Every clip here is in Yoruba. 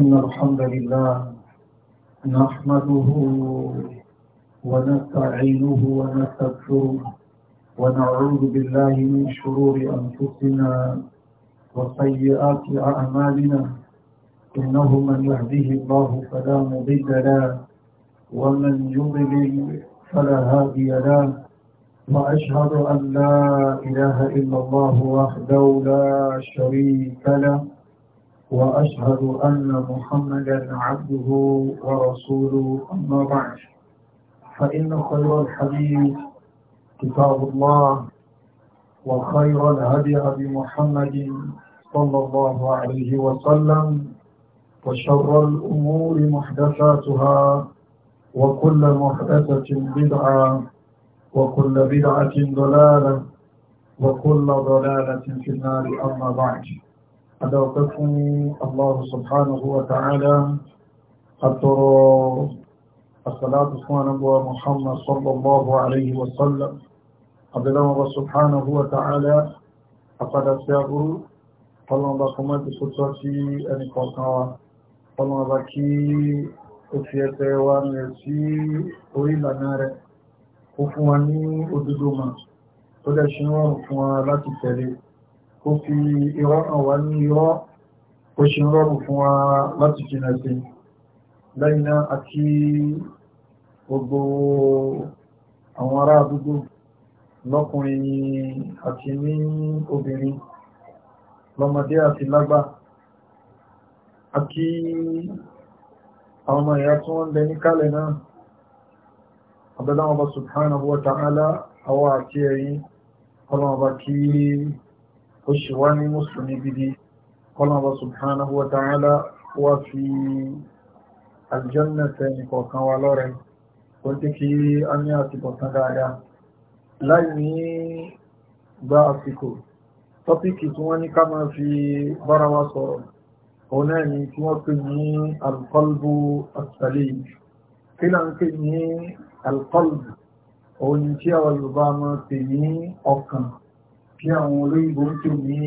إن الحمد لله نحمده ونستعينه ونستغفره ونعوذ بالله من شرور أنفسنا وسيئات أعمالنا إنه من يهديه الله فلا مضل له ومن يضلل فلا هادي له وأشهد أن لا إله إلا الله وحده لا شريك له وأشهد أن محمدا عبده ورسوله أما بعد فإن خير الحديث كتاب الله وخير الهدي هدي محمد صلى الله عليه وسلم وشر الأمور محدثاتها وكل محدثة بدعة وكل بدعة ضلالة وكل ضلالة في النار أما بعد أدوكتني الله سبحانه وتعالى أترى الصلاة والسلام محمد صلى الله عليه وسلم عبد الله سبحانه وتعالى أقد أسيابه قلنا بكم بسلطتي أن يقلنا قلنا بكي أفيته وانيسي وإلى نار وفواني وددوما ودشنوا وفوان لا تتريد kó fi irọ́ hàn wá ní irọ́ ó ṣe ń rọrùn fún wa láti jìnà sí lẹ́yìn náà àti gbogbo àwọn ará àdúgbò lọ́kùnrin àti ní obìnrin lọ́mọdé àti lágbà àti àwọn ọmọ ìyá tí wọ́n bẹ ní kálẹ̀ náà abẹ́láwọn ọba subhanahu wa ta'ala àwọn àti ẹ̀yìn ọlọ́mọba kí ó ṣe wá ní mùsùlùmí gidi kọ́lọ́mọba subhanahu wa ta'ala wá fi aljanna tẹ́ni kọ̀ọ̀kan wa lọ́rẹ̀ ó ti kí a ní àsìkò tán dáadáa láì ní gba àsìkò tọ́píkì tí wọ́n ní ká máa fi bára wa sọ̀rọ̀ òun náà ni tí wọ́n kí àwọn olóyìnbó tó ní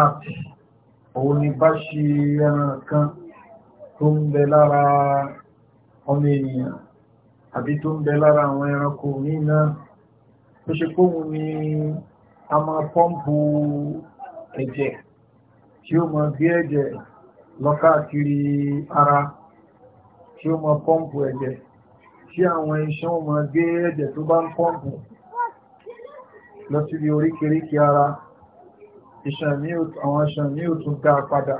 àti òun ni bá ṣe ẹran kan tó ń bẹ lára ọmọ ènìyàn àbí tó ń bẹ lára àwọn ẹranko ní náà tó ṣe kóhun ni a máa pọ́ǹpù ẹ̀jẹ̀ tí ó máa gbé ẹ̀jẹ̀ lọ ara tí ó máa pọ́ǹpù ẹ̀jẹ̀ tí àwọn iṣan ó máa gbé ẹ̀jẹ̀ tó bá ń pọ́ǹpù lọ sí ibi oríkèríkè ara àwọn iṣan ní òtún dá padà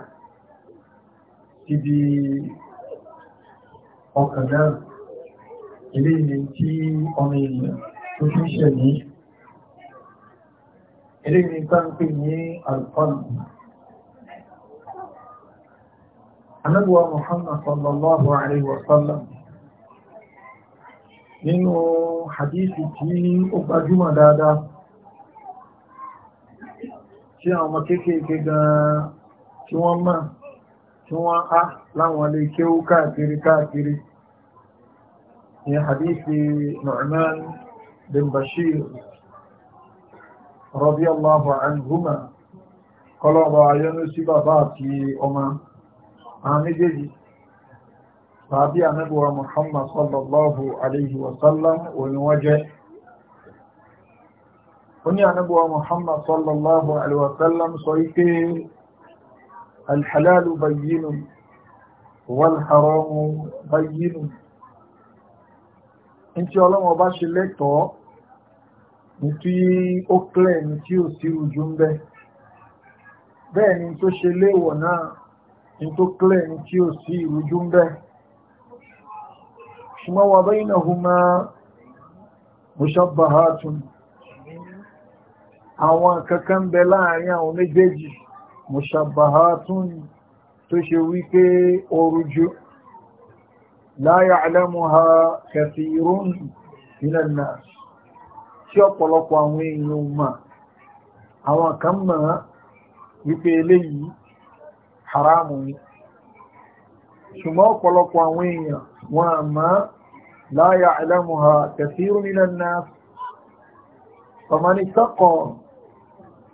síbi ọkàn náà ilé ìlú tí ọmọ ènìyàn tó fi ń ṣẹ̀ ní ilé ìlú tá ń pè ní alfanu anábíwá Muhammad sallallahu alaihi wasallam nínú hadithi tí ó gbajúmọ̀ dáadáa tí àwọn ọmọ kéékèèké gan-an tí wọ́n mọ̀ tí wọ́n á láwọn ilé kéwú káàkiri káàkiri ni hadithi Nu'man bin Bashir radiyallahu anhuma kọlọ́bọ̀ ayọ́nú sí bàbá àti ọmọ àwọn méjèèjì tàbí ànábì Muhammad sallallahu alaihi wasallam òní jẹ́ oní ànábọ̀wà Muhammad sallallahu alaihi wasallam sọ ike alhalalu bayyinu walharamu bayyinu in tí ọlọ́wọ́ bá ṣe lẹ́tọ̀ọ́ ní tí ó kílẹ̀ ní tí ò sí rújú ń bẹ́ bẹ́ẹ̀ ni tó ṣe léèwọ̀ náà ní tó kílẹ̀ ní tí ò sí rújú ń bẹ́ ṣùgbọ́n wà baynahuma mushabbahatun àwọn kankan bẹ láàrin àwọn méjèèjì mushabbahatun tó ṣe wípé orújú la ya'lamuha kathirun minan nas tí ọ̀pọ̀lọpọ̀ àwọn èèyàn ma àwọn kan mọ̀ wípé eléyìí haramu ni ṣùgbọ́n ọ̀pọ̀lọpọ̀ àwọn èèyàn wọn àmá la ya'lamuha kathirun minan nas faman ittaqa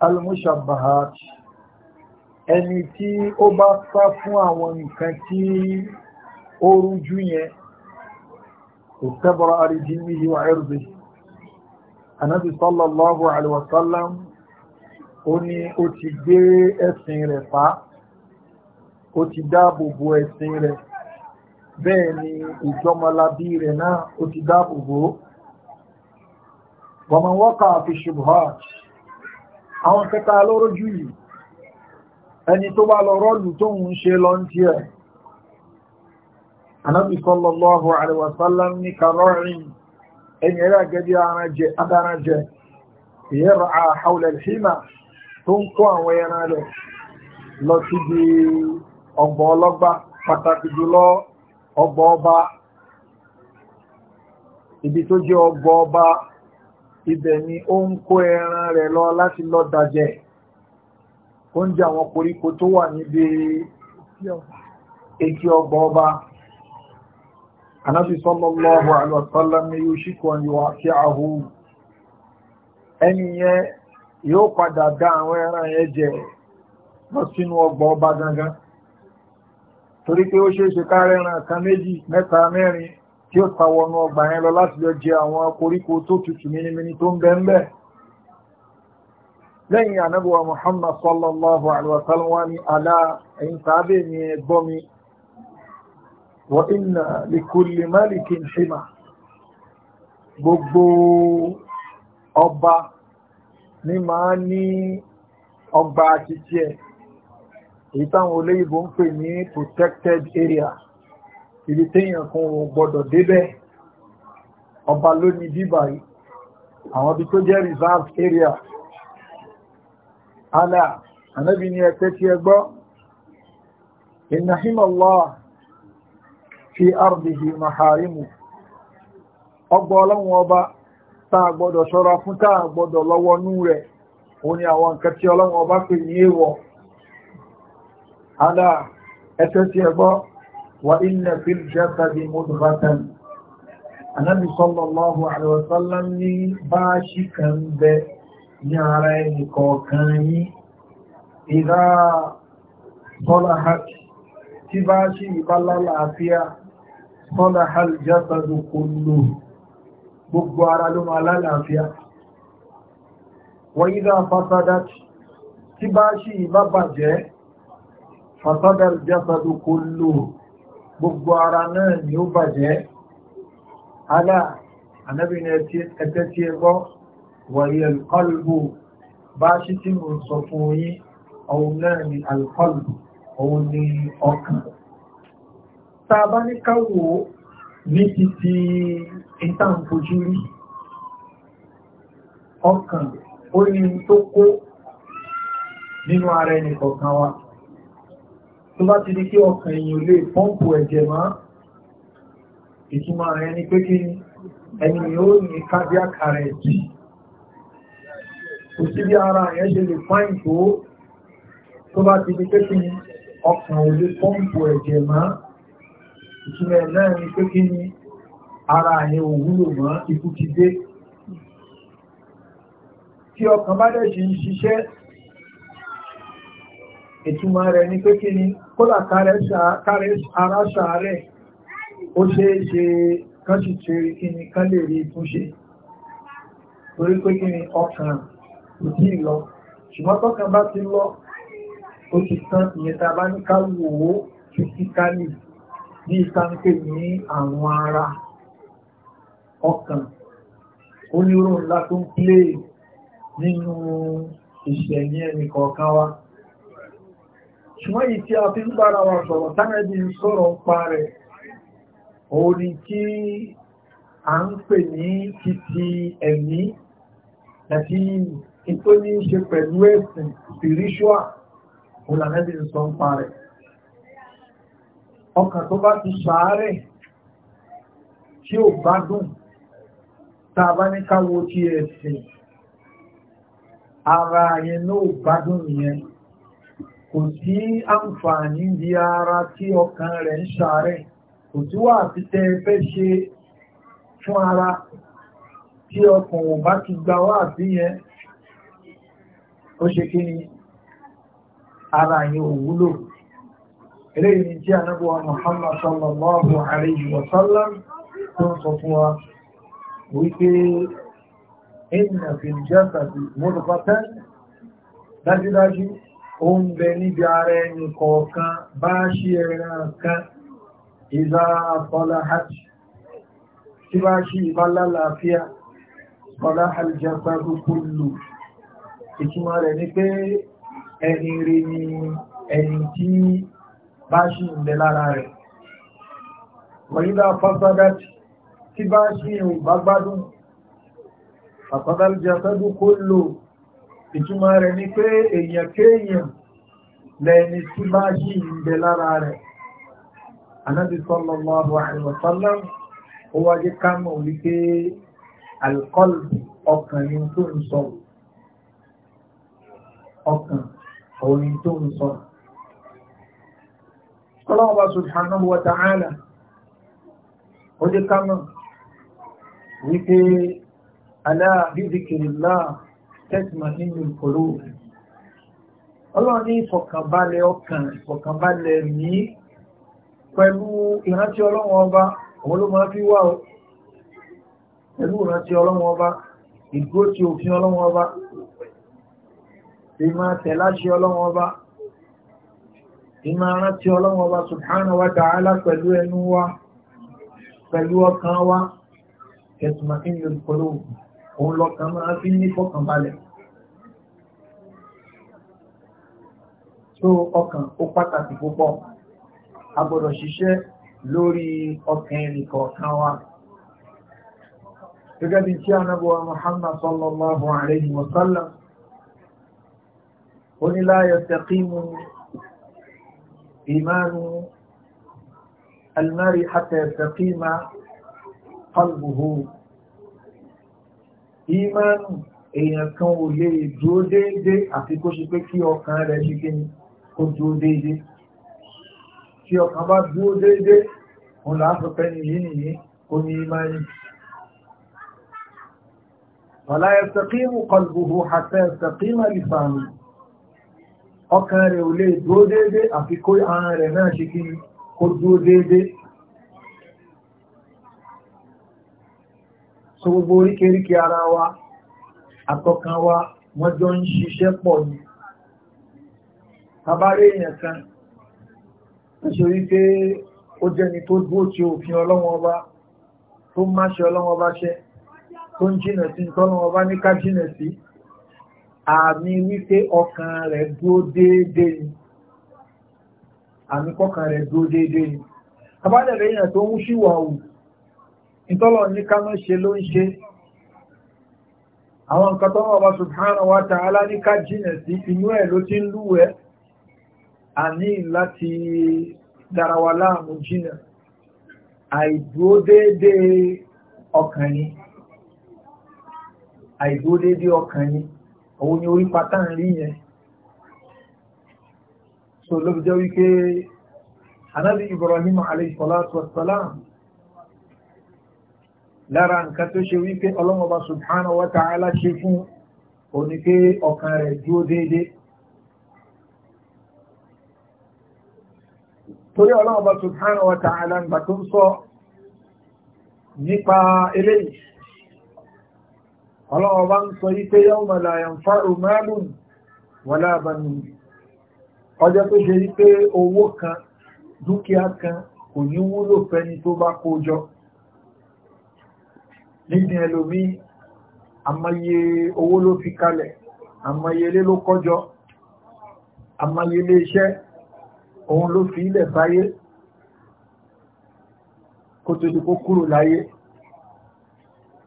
al-mushabbahat ẹni tí ó bá sá fún àwọn nǹkan tí ó rújú yẹn ìtẹ́bọ̀rọ̀ àrídínmíhì wà ẹ̀rùbí anábi sallallahu alaihi wasallam ó ní ó ti gbé ẹ̀sìn rẹ̀ pa ó ti dáàbòbò ẹ̀sìn rẹ̀ bẹ́ẹ̀ ni ìjọmọlábí rẹ̀ náà ó ti dáàbòbò wọ́n wọ́kà fi ṣubhaj àwọn kẹta lọ́rọ̀ jù yìí ẹni tó bá lọ rọ́lù tó ń ṣe lọ ń tí ẹ̀ anábi sallallahu alaihi wasallam ní karọ́rin ẹni ẹ̀rẹ́ àgẹ́dí adáranjẹ ìyẹ́rọ àhàulẹ̀ hìmà tó ń kó àwọn ẹran rẹ̀ lọ sí di ọgbọ̀ ọlọ́gbà pàtàkì jùlọ ọgbọ̀ ọba ibi tó jẹ́ ọgbọ̀ ọba ibẹ̀ ni ó ń kó ẹran rẹ̀ lọ láti lọ dàjẹ́ ó ń àwọn koríko tó wà níbi etí ọgbà ọba anábì sallallahu alaihi wasallam ní yushiku an ẹni yẹn yóò padà dá àwọn ẹran yẹn jẹ lọ sínú ọgbà ọba gangan torí pé ó ṣeéṣe kan tí ó ta wọnú ọgbà yẹn lọ láti lọ jẹ àwọn koríko tó tutù minimini tó ń bẹ ń bẹ lẹ́yìn anábíwa muhammad sallallahu alaihi wasallam wa ni alá ẹ̀yìn tàbí ni ẹgbọ́ mi wa inna likulli protected area ibi téèyàn kan ò gbọ́dọ̀ débẹ̀ ọba ló ní bíbà yìí àwọn ibi tó jẹ́ reserve area fi maharimu ọgbọ́ ọlọ́run ọba táà gbọ́dọ̀ ṣọ́ra fún táà gbọ́dọ̀ lọ́wọ́ nú rẹ̀ òun ni àwọn ọba pè ní èèwọ̀ وإن في الجسد مضغة النبي صلى الله عليه وسلم ní báṣì kan bẹ ní ara ẹni kọ̀ọ̀kan yín إذا صلحت tí báṣì bá lálàáfíà صلح الجسد كله gbogbo ara ló máa lálàáfíà وإذا فسدت tí báṣì bá bàjẹ́ فسد الجسد كله gbogbo ara náà ni ó bàjẹ́ alá anábì ní ẹ̀tẹ́ tí ẹ gbọ́ wàyí alqalbu bá ṣí tí mo sọ fún yín ọ̀hun náà ni alqalbu ọ̀hun ni ọkàn tá bá ní káwò ní ti ti ìtàǹfojú rí ọkàn ó ní tó kó nínú ara ẹnì kọ̀ọ̀kan wa tó bá ti di kí ọkàn èèyàn lè pọ́ǹpù ẹ̀jẹ̀ máa ìtumọ̀ rẹ̀ ni pé kí ẹni yóò ní cardiac arrest kò sí bí ara rẹ̀ ṣe lè fáìn tó tó bá ti di pé kí ọkàn ò lè pọ́ǹpù ẹ̀jẹ̀ máa ìtumọ̀ ẹ̀ náà ni pé kí ara rẹ̀ ò wúlò mọ́ ikú ti dé tí ọkàn bá dẹ̀ ṣe ń ṣiṣẹ́ ìtumọ̀ rẹ̀ ní pé kí ni kódà kárẹ̀ ara ṣàárẹ̀ ó ṣe é ṣe kán sì ṣe kí ni kán lè rí ìtúnṣe torí pé kí ni ọkàn kò tí ì lọ ṣùgbọ́n tọ́kàn bá ti lọ ó ti tán ìyẹn tá a bá ní ká wò ó fisikálì ní ìtànkè ní àwọn ara ọkàn onírò ńlá tó ń pléè nínú ìṣẹ̀yìn ẹnì kọ̀ọ̀kan wa ṣùgbọ́n yìí tí a fi ń bára wa sọ̀rọ̀ tánàbí ń sọ̀rọ̀ pa rẹ̀ orí tí a ń pè ní títí ẹ̀mí àti ìtò ní ṣe pẹ̀lú ẹ̀sìn spiritual olànẹ́bí ń sọ ń pa rẹ̀ ọkàn tó bá ti ṣàárẹ̀ tí ò bá dùn tá a bá ní káwo ti ẹ̀sìn ara yẹn náà bá dùn nìyẹn kò sí àǹfààní bí ara tí ọkàn rẹ̀ ń ṣàárẹ̀ kò tí wà ti tẹ́ fẹ́ ṣe fún ara tí ọkàn ò bá ti gba wá àbí yẹn ó ṣe kí ni ara yẹn ò wúlò eléyìí ni tí anábọ̀wá Muhammad sallallahu alayhi wa sallam tó ń sọ fún wa wípé inna fil jasadi mudghatan dájúdájú ó ń bẹ níbi ara ẹni kọ̀ọ̀kan bá ṣí ẹran kan ìlà àtọ́lá hajj tí bá ṣí ìbálálàáfíà ọlá aljẹ́gbàgbò kúlù ìtumọ̀ rẹ̀ ní pé ẹni rí ni ẹni tí bá ṣí ìbẹ̀ lára rẹ̀ wọ̀nyílá fásádá tí bá ìtumọ̀ rẹ̀ ni pé èèyàn kéèyàn lẹ́ni tí bá yí ń bẹ lára rẹ̀ anábi sallallahu alaihi wa sallam ó wájú ká mọ̀ wípé alkọ́lù ọkàn ni tó ń sọ wa ta'ala ó jẹ́ ká wípé ala bi tẹ́sìmọ̀ nínú ìkòrò ọlọ́run ní ìfọ̀kànbalẹ̀ ọkàn ìfọ̀kànbalẹ̀ ní pẹ̀lú ìrántí ọlọ́run ọba òun ló máa fi wá o pẹ̀lú ìrántí ọlọ́run ọba ìgbó ti òfin ọlọ́run ọba ìmọ̀ tẹ̀láṣẹ ọlọ́run ọba ìmọ̀ rántí ọlọ́run ọba subhanahu wa ta'ala pẹ̀lú ẹnu wa pẹ̀lú ọkàn wa tẹ̀sìmọ̀ nínú ìkòrò òun lọ́kàn máa fi ní fọ́kànbalẹ̀. tó ọkàn ó pàtàkì púpọ̀ a gbọ́dọ̀ ṣiṣẹ́ lórí ọkàn ẹnìkọ̀ọ̀kan wa gẹ́gẹ́ bí tí anábọ̀wà Muhammad sallallahu alayhi wa sallam ó ní la yastaqimu ìmánu al-mari hatta yastaqima ìmánu èèyàn kan ò lè dúró déédé àti kó ṣe pé kí ọkàn rẹ̀ ṣe kí ni kó dúró déédé tí ọkàn bá dúró déédé òun láàpẹpẹ ni yìí nìyí ó ní ìmánu wàlá yastaqimu qalbuhu hatta yastaqima lisanu ọkàn rẹ̀ ò lè dúró déédé àti kó ara rẹ̀ náà ṣe kí ni dúró déédé so gbogbo oríkèríkè ara wa àtọkàn wa wọ́n jọ ń ṣiṣẹ́ pọ̀ ní tàbárẹ̀ èèyàn kan ṣe rí pé ó jẹ́ni tó dúó tí òfin ọlọ́wọ́n ọba tó má ṣe ọlọ́wọ́n ọba ṣẹ́ tó ń jìnà sí tọ́lọ́wọ́n ọba ní ká jìnà sí àmì wípé ọkàn rẹ̀ dúó déédéé ni àmì kọkàn rẹ̀ dúó déédéé ni tàbárẹ̀ èèyàn tó ń ṣìwà òun ìtọ́lọ̀ ní ká mọ́ ṣe ló ń ṣe àwọn nǹkan tó wọ́n bá subhanahu wa ta'ala ní ká jìnà sí inú ẹ̀ ló ti ń lúwẹ̀ àní láti darawa láàmú jìnà àìdúró déédéé ọkàn ni àìdúró déédéé ọkàn ni òun ni orí pátá ń rí yẹn so ló fi jẹ́ wípé anábì Ibrahim alayhi salatu wa salam lára nǹkan tó ṣe wípé ọlọ́mọba subhanahu wa ta'ala ṣe fún òní pé ọkàn rẹ̀ dúró déédéé torí ọlọ́mọba subhanahu wa ta'ala ń gbà tó ń sọ nípa eléyìí ọlọ́mọba ń sọ yí pé yawma la yanfa'u malun wala banun ọjọ́ tó ṣe yí owó kan dúkìá kan kò ní wúlò fẹ́ni tó bá kó jọ nísìn ẹlòmí àmọye owó ló fi kalẹ̀ àmọye ilé ló kọjọ àmọye ilé iṣẹ́ òun ló fi ilẹ̀ sáyé kó tó di kó kúrò láyé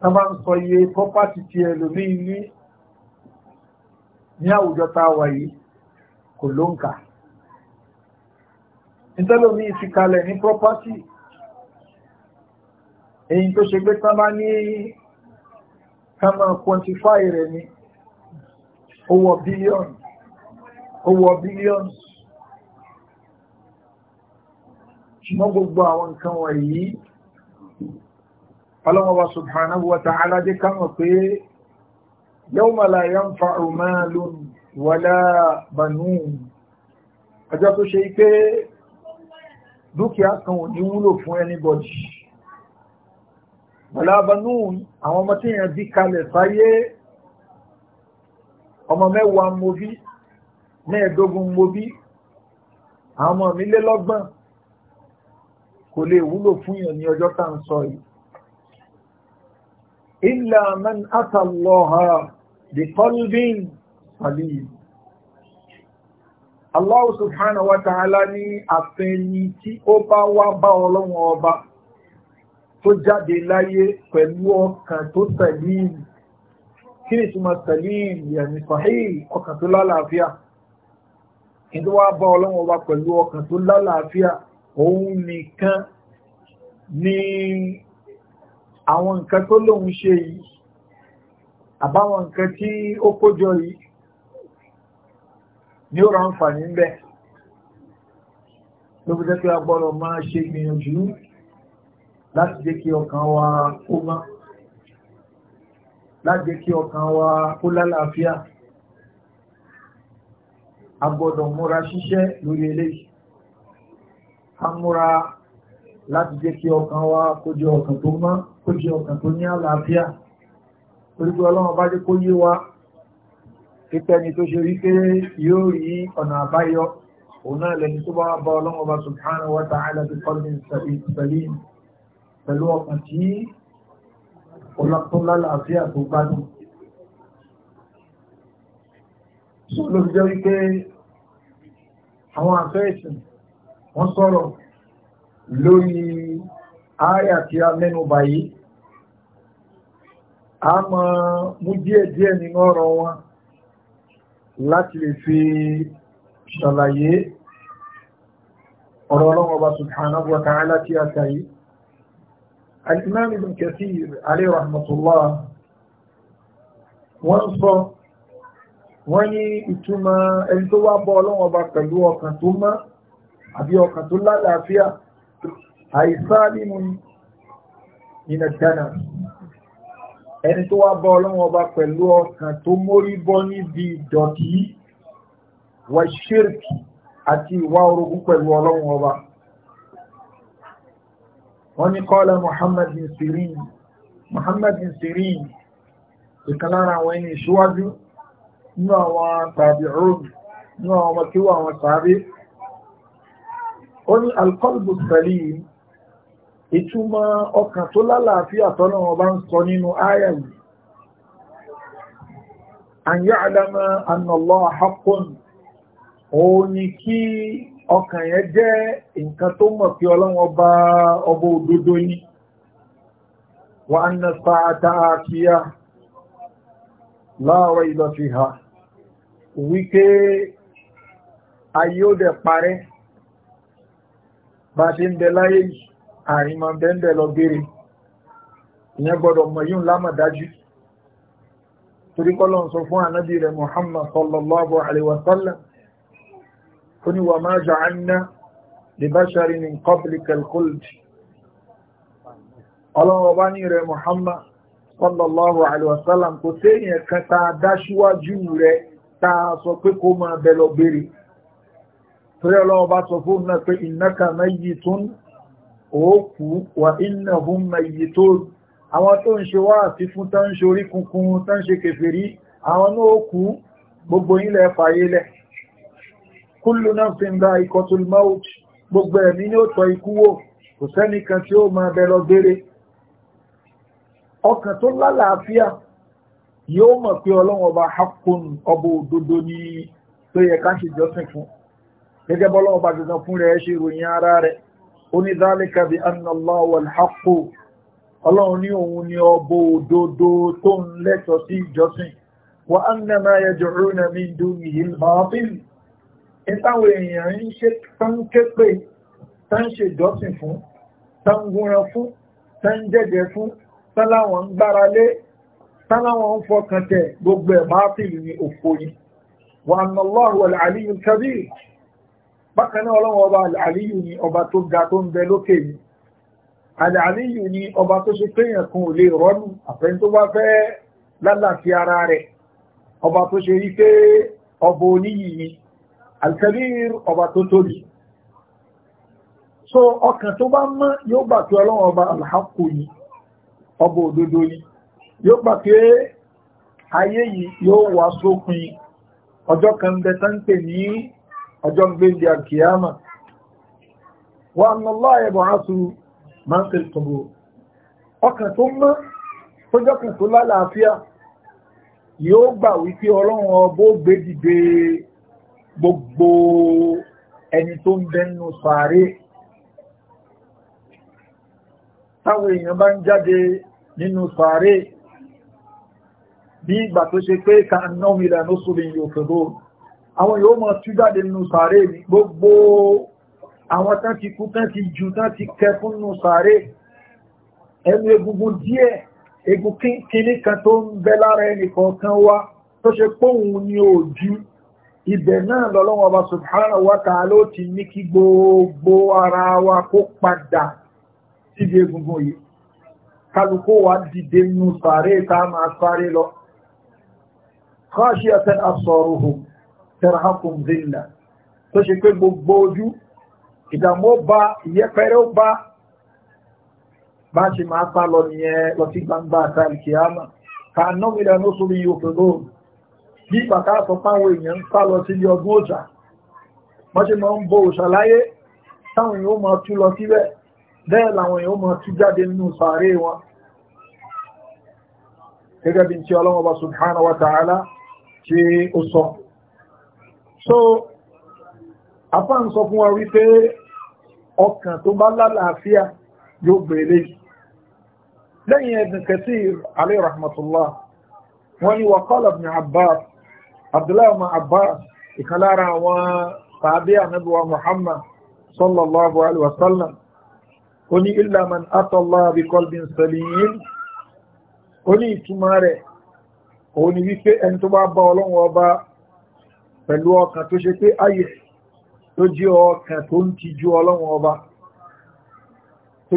tá bá ń sọ iye pọ́pátì ti ẹlòmí ní ní àwùjọ tá a kò ló ń kà ní pọ́pátì èyí tó ṣe pé tán bá ní kánmà quantify rẹ̀ ni ó wọ bílíọ̀nù ó wọ bílíọ̀nù ṣùgbọ́n gbogbo àwọn nǹkan wọ̀nyí ọlọ́wọ́wà subhanahu wa ta'ala dé kánmà pé yawma la yanfa'u malun wala banun ọjọ́ tó ṣe pé dúkìá kan ò ní wúlò fún anybody bọ̀lábanú àwọn ọmọ tí yẹn bí kalẹ̀ sáyé ọmọ mẹ́wàá mo bí mẹ́ẹ̀ẹ́dógún mo bí àwọn ọmọ mi lé lọ́gbọ̀n kò lè wúlò fún yàn ní ọjọ́ tá à ń sọ yìí. illa man ata Allaha bi qalbin Allah subhanahu wa ta'ala ní àfẹ́ni tí ó bá wá bá ọlọ́wọ́n ọba tó jáde láyé pẹ̀lú ọkàn tó salim kí ni túmọ̀ salim yẹ̀mí sahih ọkàn tó lálàáfíà kí tó wá bá ọlọ́wọ́ wa pẹ̀lú ọkàn tó lálàáfíà òun nìkan ni àwọn nǹkan tó lóun ṣe yìí àbáwọn nǹkan tí ó kójọ yìí ni ó ra ń fà ní bẹ́ẹ̀ ló fi jẹ́ pé máa ṣe ìgbìyànjú láti jẹ́ kí ọkàn wa kó mọ́ láti jẹ́ kí ọkàn wa kó lálàáfíà a gbọ́dọ̀ múra ṣiṣẹ́ lórí eléyìí a múra láti jẹ́ kí ọkàn wa kó jẹ́ ọkàn tó mọ́ kó jẹ́ ọkàn tó ní àlàáfíà orígbé ọlọ́run bá jẹ́ kó yé wa ìpẹni tó ṣe wípé yóò rí ọ̀nà àbáyọ òun náà lẹni tó bá bá ọlọ́run ọba subhanahu wa ta'ala bi qalbin salim pẹ̀lú ọkàn tí ọlọ́pọ̀lá àlàáfíà tó gbádùn. Sọ ló jẹ́ wípé àwọn àfẹ́ ìsìn wọ́n sọ̀rọ̀ lórí ààyà tí a mẹ́nu báyìí. A máa mú díẹ̀ díẹ̀ nínú ọ̀rọ̀ wọn láti lè fi ṣàlàyé ọ̀rọ̀ ọlọ́wọ́ bá subhanahu wa ta'ala tí a kà الإمام ابن كثير عليه رحمة الله wọ́n sọ wọ́n ní ìtumọ̀ ẹni tó wá bọ́ ọlọ́run ọba pẹ̀lú ọkàn tó mọ́ àbí ọkàn tó lálàáfíà àìsá nínú ìnàkánà ẹni tó wá bọ́ ọlọ́run ọba pẹ̀lú ọkàn tó mórí bọ́ níbi ìdọ̀tí wọ́n ṣírkì àti ìwà orogún pẹ̀lú ọlọ́run ọba wọ́n ní kọ́lá Muhammad bin Sirin Muhammad bin Sirin ìkan lára àwọn ẹni ìṣíwájú nínú àwọn tabi'un nínú àwọn ọmọ tí wọ́n àwọn sàábé ó ní alqalbu salim ìtumọ̀ ọkàn tó lálàáfíà tọ́nà wọn bá ń sọ nínú àyà yìí an ya'lama anna Allah kí ọkàn yẹn jẹ́ nǹkan tó mọ̀ pé ọlọ́run ọba ọba òdodo ni wa anna sa'ata atiya la rayba fiha wípé ayé ó dẹ̀ parẹ́ bá ṣe ń bẹ láyé yìí àrìmọ̀ bẹ́ẹ̀ lọ bèèrè ìyẹn gbọ́dọ̀ mọ̀ yíò lámàdájú torí kọ́lọ̀ sọ fún ànábì rẹ̀ Muhammad sallallahu alaihi wasallam ó ní wà máa ja'anna li basharin min qablikal khuld ọlọ́wọ́ bá ní rẹ̀ Muhammad sallallahu alaihi wasallam kò séèyàn kan tá a dá síwájú rẹ̀ tá a sọ pé kó máa bẹ lọ torí ọlọ́wọ́ sọ fún náà pé innaka mayyitun òkú wà innahum mayyitun àwọn tó ń ṣe wá àti fún tán ń ṣe orí kunkun tán ń ṣe kèfèrí àwọn náà òkú gbogbo ilẹ̀ fàyélẹ̀ kúlù náà fi ń gbogbo ẹ̀mí ní ó tọ́ ikú wò kò tí ó máa bẹ gbére ọkàn tó lálàáfíà yóò mọ̀ pé ọlọ́run ọba hakun ọba òdodo ní tó yẹ ká ṣe jọ́sìn fún gẹ́gẹ́ ara rẹ̀ ó ní bi anna Allah wal ní ni wa ìtàwọn èèyàn ń ṣe tán képe tán ṣe ìjọsìn fún tán gúnran fún tán jẹ́jẹ́ fún tán láwọn ń gbára lé tán láwọn ń fọkàn tẹ̀ gbogbo ẹ̀ bá fìlú ní òfò yìí wà á nọlọ́rù àlàyé kabir bákan náà ọlọ́wọ́ ọba àlàyé ni ọba tó ga tó ń bẹ lókè yìí àlàáníyù ni ọba tó ṣe péyàn kan ò lè rọ́nù àfẹ́ni tó bá fẹ́ lálàáfíà ara rẹ̀ ọba tó ṣe rí pé ọba oníyì ni alkabir ọba tó tóbi so ọkàn tó bá mọ́ yóò gbà pé ọlọ́run ọba alhaku yìí ọba òdodo yìí yóò gbà pé ayé yìí yóò wá sópin ọjọ́ kan bẹ táǹpè ní ọjọ́ wa asu máa ń tẹ̀lé tọ̀bọ̀ ọkàn tó mọ́ kan tó lálàáfíà yóò gbà wípé ọba ó gbé gbogbo ẹni tó ń bẹnu sàárè táwọn èèyàn bá ń jáde nínú sàárè bí ìgbà tó ṣe pé ka náà ìlànà sórí yóò fèrò àwọn yóò mọ̀ tú jáde nínú sàárè gbogbo àwọn tán ti kú tán ti jù tán ti kẹfún nù sàárè ẹnu egungun díẹ̀ egun kíní kan tó ń bẹ lára ẹnìkọ̀ọ̀kan wá tó ṣe póhun ni ò ibẹ̀ náà lọ́lọ́wọ́ ọba subhanahu wa ta'ala ló ti ní kí gbogbo ara wa kó padà síbi egungun yìí kálukó wa dìde nù sàárè tá a máa sáré lọ khashiyatan absaruhum tarhaquhum zilla tó ṣe pé gbogbo ojú ìdààmú bá ìyẹ́pẹ̀rẹ́ bá bá ṣe máa sá lọ nìyẹn lọ sí gbangba àtàlìkìyàmà kà náà mílíọ̀nù sórí yóò fẹ́ lóòrùn bí pàtà àpọ̀páwọn èèyàn ń sá lọ sí ilé ọdún òjà wọ́n ṣe máa ń bo òṣà láyé táwọn èèyàn ó máa tú lọ síbẹ̀ bẹ́ẹ̀ làwọn èèyàn ó máa tú jáde nínú sàárè wọn gẹ́gẹ́ bí tí ọlọ́wọ́ bá subhanahu wa ta'ala tí ó sọ so afá ń sọ fún wa wípé ọkàn tó bá lálàáfíà yóò gbèrè lẹ́yìn ẹ̀dùn kẹsí alayhi rahmatullah wọ́n ni wà qala ibn abbas abdullahi ọmọ abbas ìkan lára àwọn tàbí ànábíwa muhammad sallallahu alaihi wasallam ó ní illa man atọ́lá bi qalbin salim ó ní ìtumọ̀ rẹ̀ òun ni wípé ẹni tó bá bá ọlọ́run ọba pẹ̀lú ọkàn tó ṣe pé ayé tó jẹ́ ọkàn tó ń tijú ọlọ́run ọba tó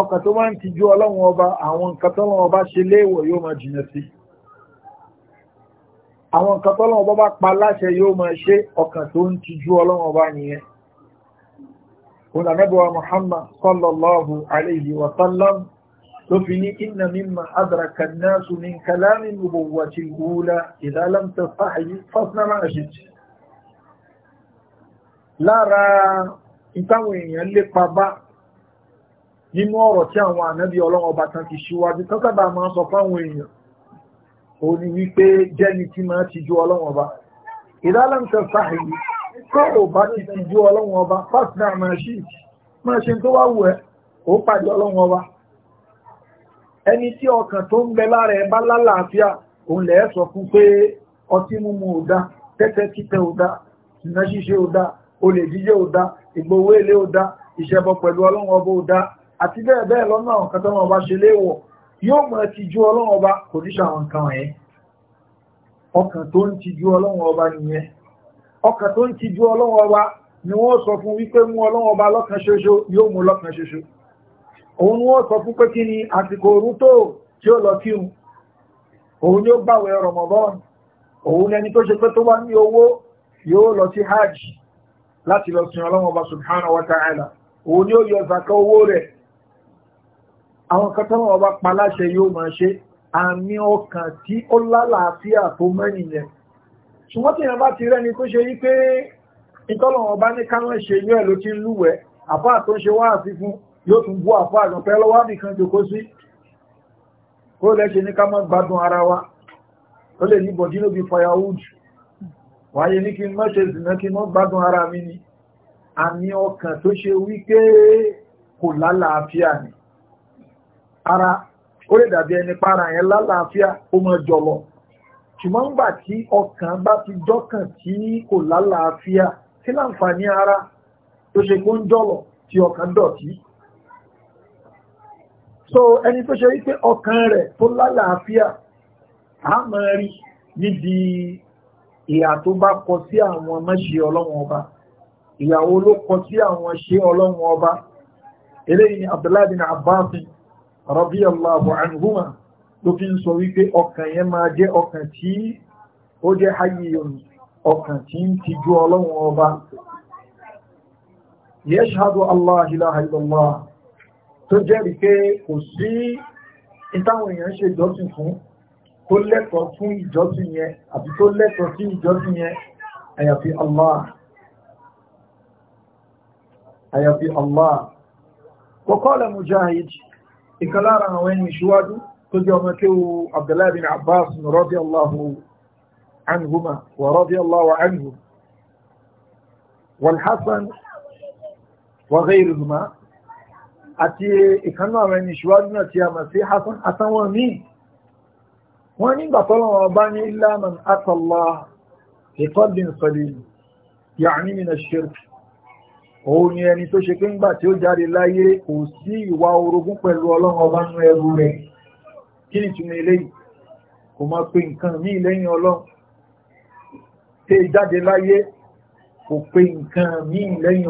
ọkàn tó máa ń tijú ọlọ́run ọba àwọn nǹkan tọ́lọ́run ọba ṣe léèwọ̀ yóò máa jìnà sí àwọn nǹkan tọ́lọ́run ọba bá pa láṣẹ yóò máa ṣe ọkàn tó ń tijú ọlọ́run ọba nìyẹn olànẹ́bọ̀wà muhammad sallallahu alayhi wa sallam ló fi ní iná mímọ̀ adraka náàsù ní kalamin nubuwati hula ìdálámta fàáyí fásnára àṣìtì lára ìtàwọn èèyàn lépa bá nínú ọ̀rọ̀ tí àwọn ànábì ọlọ́run ọba kan ti ṣíwájú kan sábà máa ń sọ fáwọn èèyàn ó ní wípé jẹ́ni tí máa ti ju ọlọ́run ọba ìdálẹ́mùsẹ̀ sáàyè tó ò bá ti ti ju ọlọ́run ọba fásitì máa ṣì máa ṣe tó wá wù ẹ́ ó pàdé ọlọ́run ọba ẹni tí ọkàn tó ń bẹ lára ẹ bá lálàáfíà òun lẹ́ẹ̀ sọ fún pé ọtí mímu ò dá tẹ́tẹ́ títẹ ò dá ìná ò dá olè jíjẹ ò dá ìgbowó èlé ò dá ìṣẹ́bọ pẹ̀lú ọlọ́run ọba ò dá àti bẹ́ẹ̀ bẹ́ẹ̀ lọ́nà nǹkan tó wọn bá ṣe léwọ̀ yóò mọ̀ ti ju ọlọ́run ọba kò ní ṣàwọn nǹkan ẹ̀ ọkàn tó ń ti ju ọlọ́run ọba nìyẹn ọkàn tó ń ti ju ọlọ́run ọba ni wọ́n sọ fún wípé mú ọlọ́run ọba lọ́kàn ṣoṣo yóò mú lọ́kàn ṣoṣo òun wọ́n sọ fún pé kí ni àsìkò òru tó tí ó lọ kírun òun yóò gbàwẹ̀ Ramadan òun ẹni tó ṣe pé tó wá ní owó yóò lọ sí hajj láti lọ sin ọlọ́run ọba subhanahu wa ta'ala òun yóò yọ zaka owó rẹ̀ àwọn kan tọ́wọ́ ọba paláṣẹ yóò máa ṣe àmì ọkàn tí ó lálàáfíà tó mẹ́rìnlẹ̀ ṣùgbọ́n tí ìyàn bá ti rẹ́ni tó ṣe wípé ìtọ́lọ̀wọ̀n ọba ní káwọn ṣe inú ẹ̀ ló ti ń lúwẹ̀ àfá tó ń ṣe wá àfi fún yóò tún bú àfá àgbọ̀pẹ́ lọ́wọ́ nìkan jòkó sí kó lẹ́ ṣe ní ká mọ́ gbádùn ara wa ó lè ní bọ̀dí ló firewood wáyé ní kí n mọ́ ṣe kí n mọ́ gbádùn ara mi ni àmì ọkàn tó ṣe wípé kò lálàáfíà ni ara ó lè dàbí ẹni para yẹn lálàáfíà ó mọ jọlọ ṣùgbọ́n nígbà tí ọkàn bá ti jọ́kàn tí kò lálàáfíà kí láǹfààní ara tó ṣe kó ń jọlọ tí ọkàn dọ̀tí so ẹni tó ṣe wípé ọkàn rẹ̀ tó lálàáfíà á mọ rí níbi ìyà tó bá kọ sí àwọn mọ́ṣe ọlọ́wọ́n ọba ìyàwó ló kọ sí àwọn ṣe ọlọ́wọ́n ọba eléyìí abdullahi bin abbas radiyallahu anhuma ló fi ń sọ wípé ọkàn yẹn máa jẹ́ ọkàn tí ó jẹ́ hayyun ọkàn tí ń tijú ọlọ́run ọba yashhadu Allah ilaha illallah tó jẹ́rìí pé kò sí ìtàwọn èèyàn ṣe ìjọsìn fún tó lẹ́tọ̀ọ́ fún ìjọsìn yẹn àti tó lẹ́tọ̀ọ́ sí ìjọsìn yẹn àyàfi Allah àyàfi Allah wa qala ìkan lára àwọn ẹni ìṣíwájú tó jẹ́ ọmọ kí o abdullahi bin abbas radiyallahu anhuma wa radiyallahu anhu wal hasan wa ghayruhuma àti ìkan náà àwọn ẹni ìṣíwájú náà ti a mọ̀ sí hasan àtàwọn míì wọ́n nígbà tọ́lọ́wọ́ bá ní illa man atallaha bi qalbin salim ya'ni min òun ni ẹni tó ṣe pé ńgbà tí ó jáde láyé kò sí ìwà orogún pẹ̀lú ọlọ́run ọba nú ẹrú rẹ̀ kí ni túnmọ̀ eléyìí kò máa pe nǹkan míì lẹ́yìn ọlọ́run tí jáde láyé kò jẹ́jẹ́ fún nǹkan míì lẹ́yìn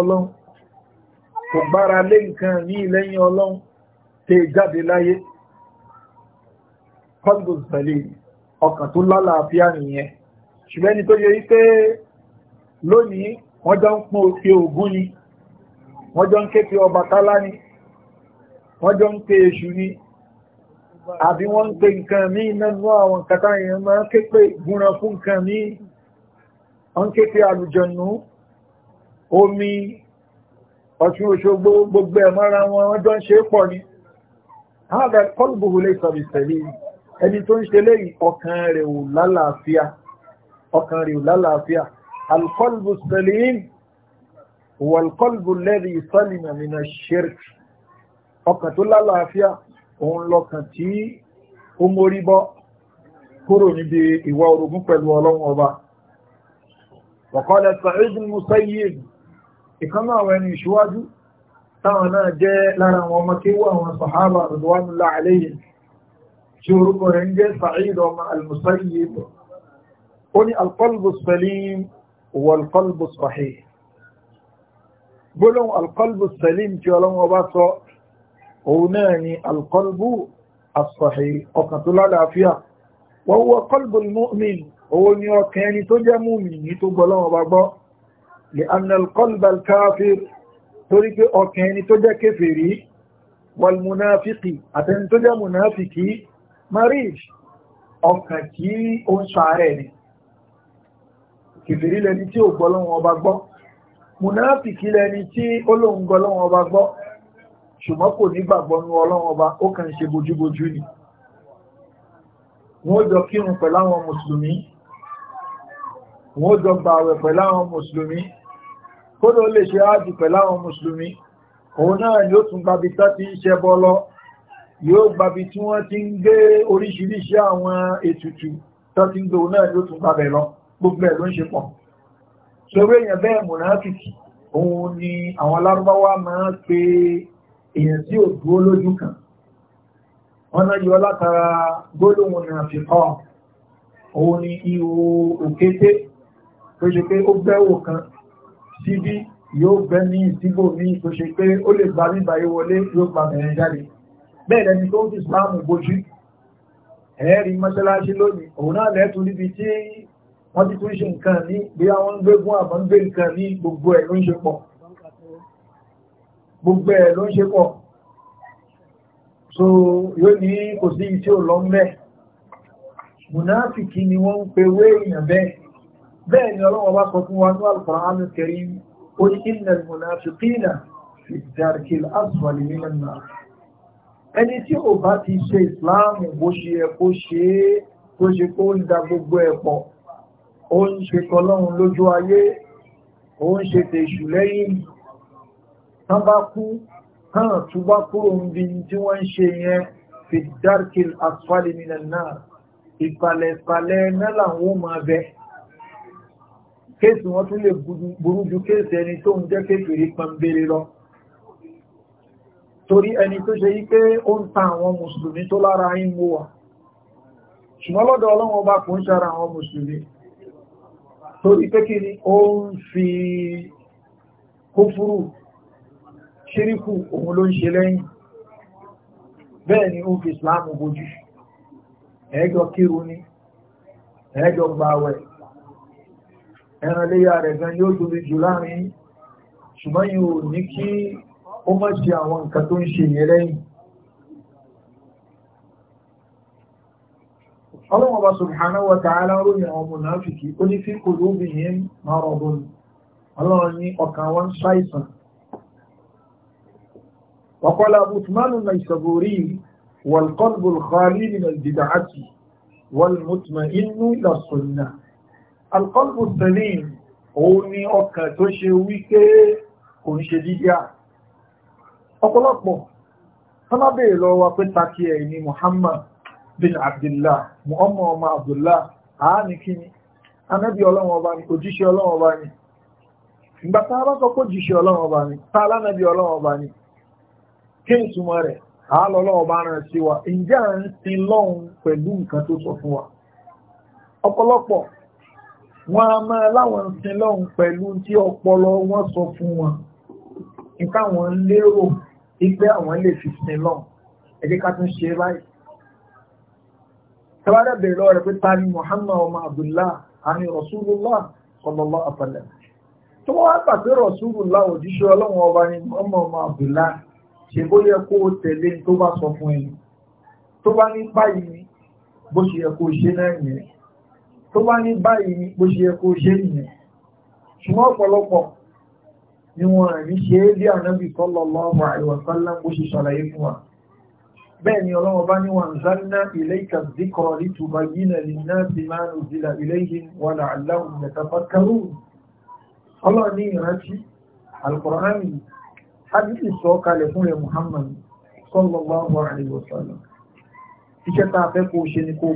ọlọ́run kò gbára lé nǹkan míì lẹ́yìn ọlọ́run tí jáde láyé kọ́ndùn tẹ̀lé ọkàn tó lálàáfíà nìyẹn ṣùgbọ́n ẹni tó yẹ wípé lónìí wọ́n jọ ń pín òkè ògún ni wọ́n jọ ń ké pe Ọbàtálá ni wọ́n jọ ń pe èṣù ni àbí wọ́n ń pe nǹkan míì nínú àwọn kàtà èèyàn máa ń ké pe gúnra fún nǹkan míì wọ́n ké pe àlùjọ̀nù omi Ọ̀ṣun Òṣogbo gbogbo ẹ̀ mọ́ra wọn wọ́n jọ ń ṣe é pọ̀ ni. هذا قلبه ليس بالسليم ẹni tó ń ṣe léyìí ọkàn rẹ̀ ò lálàáfíà ọkàn rẹ̀ ò lálàáfíà alkọlbù salim wàlkọlbù lẹ́rì sálìmà nínú shirk ọkàn tó lálàáfíà òun lọkàn tí ó mórí bọ́ kúrò níbi ìwà orogún pẹ̀lú ọlọ́run ọba wọ̀kọ́lẹ̀ sa'id musayyid ìkan náà wẹni ìṣíwájú táwọn náà jẹ́ lára àwọn ọmọ kéwà àwọn sàhábà rẹ̀ tí orúkọ rẹ̀ ń jẹ́ Sa'id ọmọ al-Musayyib ó ní al-qalbu salim wal-qalbu sahih gbólóhùn al-qalbu salim tí ọlọ́wọ́ bá sọ òun náà ni al ọkàn tó lálàáfíà wa huwa tó jẹ́ mùmìnì لأن القلب الكافر تريد أوكين تجا كفري والمنافقي أتن marij ọkàn tí ó ń sọ ni kìfìrí lẹni tí ò gbọ́ lọ́wọ́ ọba gbọ́ mùnáfìkì lẹni tí ó lóun gbọ́ lọ́wọ́ ọba gbọ́ ṣùgbọ́n kò ní gbàgbọ́ nu ọlọ́wọ́ ọba ó kàn ṣe bojúbojú ni wọ́n jọ kírun pẹ̀lú àwọn mùsùlùmí wọ́n jọ gba àwẹ̀ pẹ̀lú àwọn mùsùlùmí kódò lè ṣe áàjù pẹ̀lú àwọn mùsùlùmí òun náà yóò tún gbabi tá ti ń ṣẹbọ lọ yóò gbàbí tí wọ́n ti ń gbé oríṣiríṣi àwọn ètùtù tó ti ń gbòó náà ló tún gbàbẹ̀ lọ gbogbo ẹ̀ ló ń ṣe pọ̀ sọ́rọ̀ èèyàn bẹ́ẹ̀ mùnáfìkì òun ni àwọn alárúbáwá máa ń pe èèyàn tí ò dúró kan wọ́n náà yọ látara gbólóhùn ní àfikọ́ òun ni ihò òkété tó ṣe pé ó gbẹ́wò kan síbí yóò gbẹ́ ní ìdíbò ní tó ṣe pé ó lè gbà nígbà wọlé yóò gbà mẹ́rin jáde bẹ́ẹ̀ lẹni tó ń fi ìsìláàmù bojú ẹ̀ẹ́rí mọ́ṣáláṣí lónìí òun náà lẹ́tù níbi tí wọ́n ti tún ṣe nǹkan ní bí àwọn ń gbé fún àmọ́ ń gbé nǹkan ní gbogbo ẹ̀ ló ń ṣe pọ̀ gbogbo ẹ̀ ló ń ṣe pọ̀ so yóò ní kò sí iṣẹ́ ò lọ mẹ́ mùnáfìkì ni wọ́n ń pe wé èèyàn bẹ́ẹ̀ bẹ́ẹ̀ ni ọlọ́wọ́ bá sọ fún wa ní Al-Qur'an al ó ní innal munafiqina fi ddarkil asfali minan nar ẹni tí ò bá ti ṣe ìsìláàmù bó ṣe ẹ kó ṣe é tó ṣe kó ń da gbogbo ẹ̀pọ̀ ó ń ṣe tọlọ́run lójú ayé ó ń ṣe tèṣù lẹ́yìn tán bá kú hàn tó bá kúrò ń bi tí wọ́n ń ṣe yẹn fi dárkìl asfali minan nar ìpàlẹ̀ ìpàlẹ̀ náà làwọn máa bẹ kéèsì wọn tún lè burú ju kéèsì ẹni tó ń jẹ́ kékeré pọnbélé lọ torí ẹni tó ṣe yípé ó ń ta àwọn mùsùlùmí tó lára yín mú wa ṣùgbọ́n lọ́dọ̀ ọlọ́run ọba kò ń àwọn mùsùlùmí torí pé kí ni ó ń fi kúfúrú ṣíríkù òun ló ń ṣe lẹ́yìn bẹ́ẹ̀ ni ó fi islam bojú ẹjọ́ kírun ni ẹjọ́ gbàwẹ̀ ẹran léyà rẹ̀ gan yóò tóbi jù láàrin ṣùgbọ́n yóò ní kí ó má ṣe àwọn nǹkan tó ń ṣe yẹn lẹ́yìn ọlọ́wọ́ bá subhanahu wa ta'ala ròyìn àwọn mùnáfìkì ó ní fi qulubihim maradun ọlọ́run ní ọkàn wọn ṣàìsàn وقال عثمان النيسابوري والقلب الخالي من البدعة والمطمئن إلى القلب السليم òun ni ọkàn tó kò ń ṣe dídá ọ̀pọ̀lọpọ̀ sábàbẹ̀ lọ wa pé takí ẹ̀ ní Muhammad bin Abdullah Muhammad ọmọ Abdullah àání kíni anábì ọlọ́wọ́n ọba ni òjíṣẹ́ ọlọ́wọ́n ọba ni ìgbà tá a bá sọ pé ọlọ́wọ́n ọba ni tá a lánàbì ọlọ́wọ́n ọba ni kí ni túmọ̀ rẹ̀ sọ fún wa a máa láwọn ipe àwọn lè fi lọ ẹ ká tún ṣe tàbádà lọ́wọ́ rẹ̀ pé ta ni muhammad ọmọ abdullah àmì rasulullah sallallahu alaihi tó wọ́n wá gbà ọba ni ọmọ ọmọ abdullah ṣe bó yẹ kó o tẹ̀lé tó bá sọ fún ẹni tó ní báyìí ni bó ṣe ní báyìí ni bó ṣe yẹ kó o ni wọ́n rí ṣe é bí ànábì sallallahu alaihi wa sallam bó ṣe ṣàlàyé fún wa bẹ́ẹ̀ ni ọlọ́wọ́ bá ní wọn zanna ilayka dhikra litubayyina linnasi ma nuzila ilayhim wa la'allahum yatafakkarun ọlọ́run ní ìrántí alquran hadisi sọ kalẹ̀ fún rẹ̀ muhammad sallallahu alaihi wa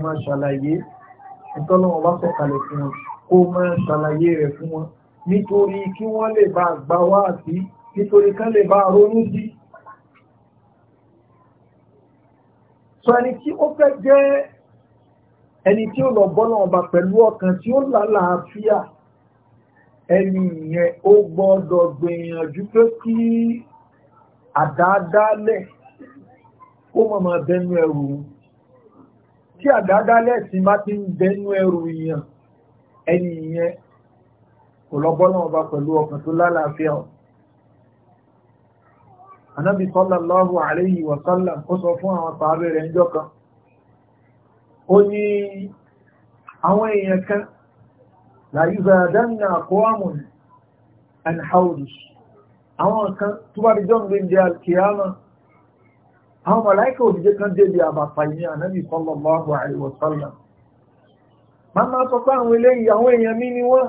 máa ṣàlàyé ìtọ́lọ́wọ́ bá sọ kalẹ̀ fún wọn kó nítorí kí wọ́n lè bá gbà wá sí nítorí kán lè bá ronú sí sọ ẹni tí ó fẹ́ jẹ́ ẹni tí ó lọ bọ́nà ọba pẹ̀lú ọkàn tí ó lálàáfíà ẹni yẹn ó gbọ́dọ̀ gbìyànjú pé kí àdáadáalẹ̀ ó mọ̀mọ̀ bẹnu ẹrù tí àdáadáalẹ̀ sì má ti ń bẹnu ẹrù yẹn ẹni yẹn kò lọ bọ́lọ́ ọba pẹ̀lú ọkàn tó lálàáfíà anábì sallallahu alayhi wa sallam ó sọ fún àwọn sàábẹ̀ rẹ̀ níjọ́ kan ó ní àwọn èèyàn kan la yuzadanna aqwamun an hawli àwọn kan tó bá dijọ́ gbé jẹ́ alkiyama àwọn mọ̀láíkà òdíjẹ́ kan débi àbàfà ànábì sallallahu alayhi máa máa sọ pé àwọn eléyìí àwọn èèyàn mi ni wọ́n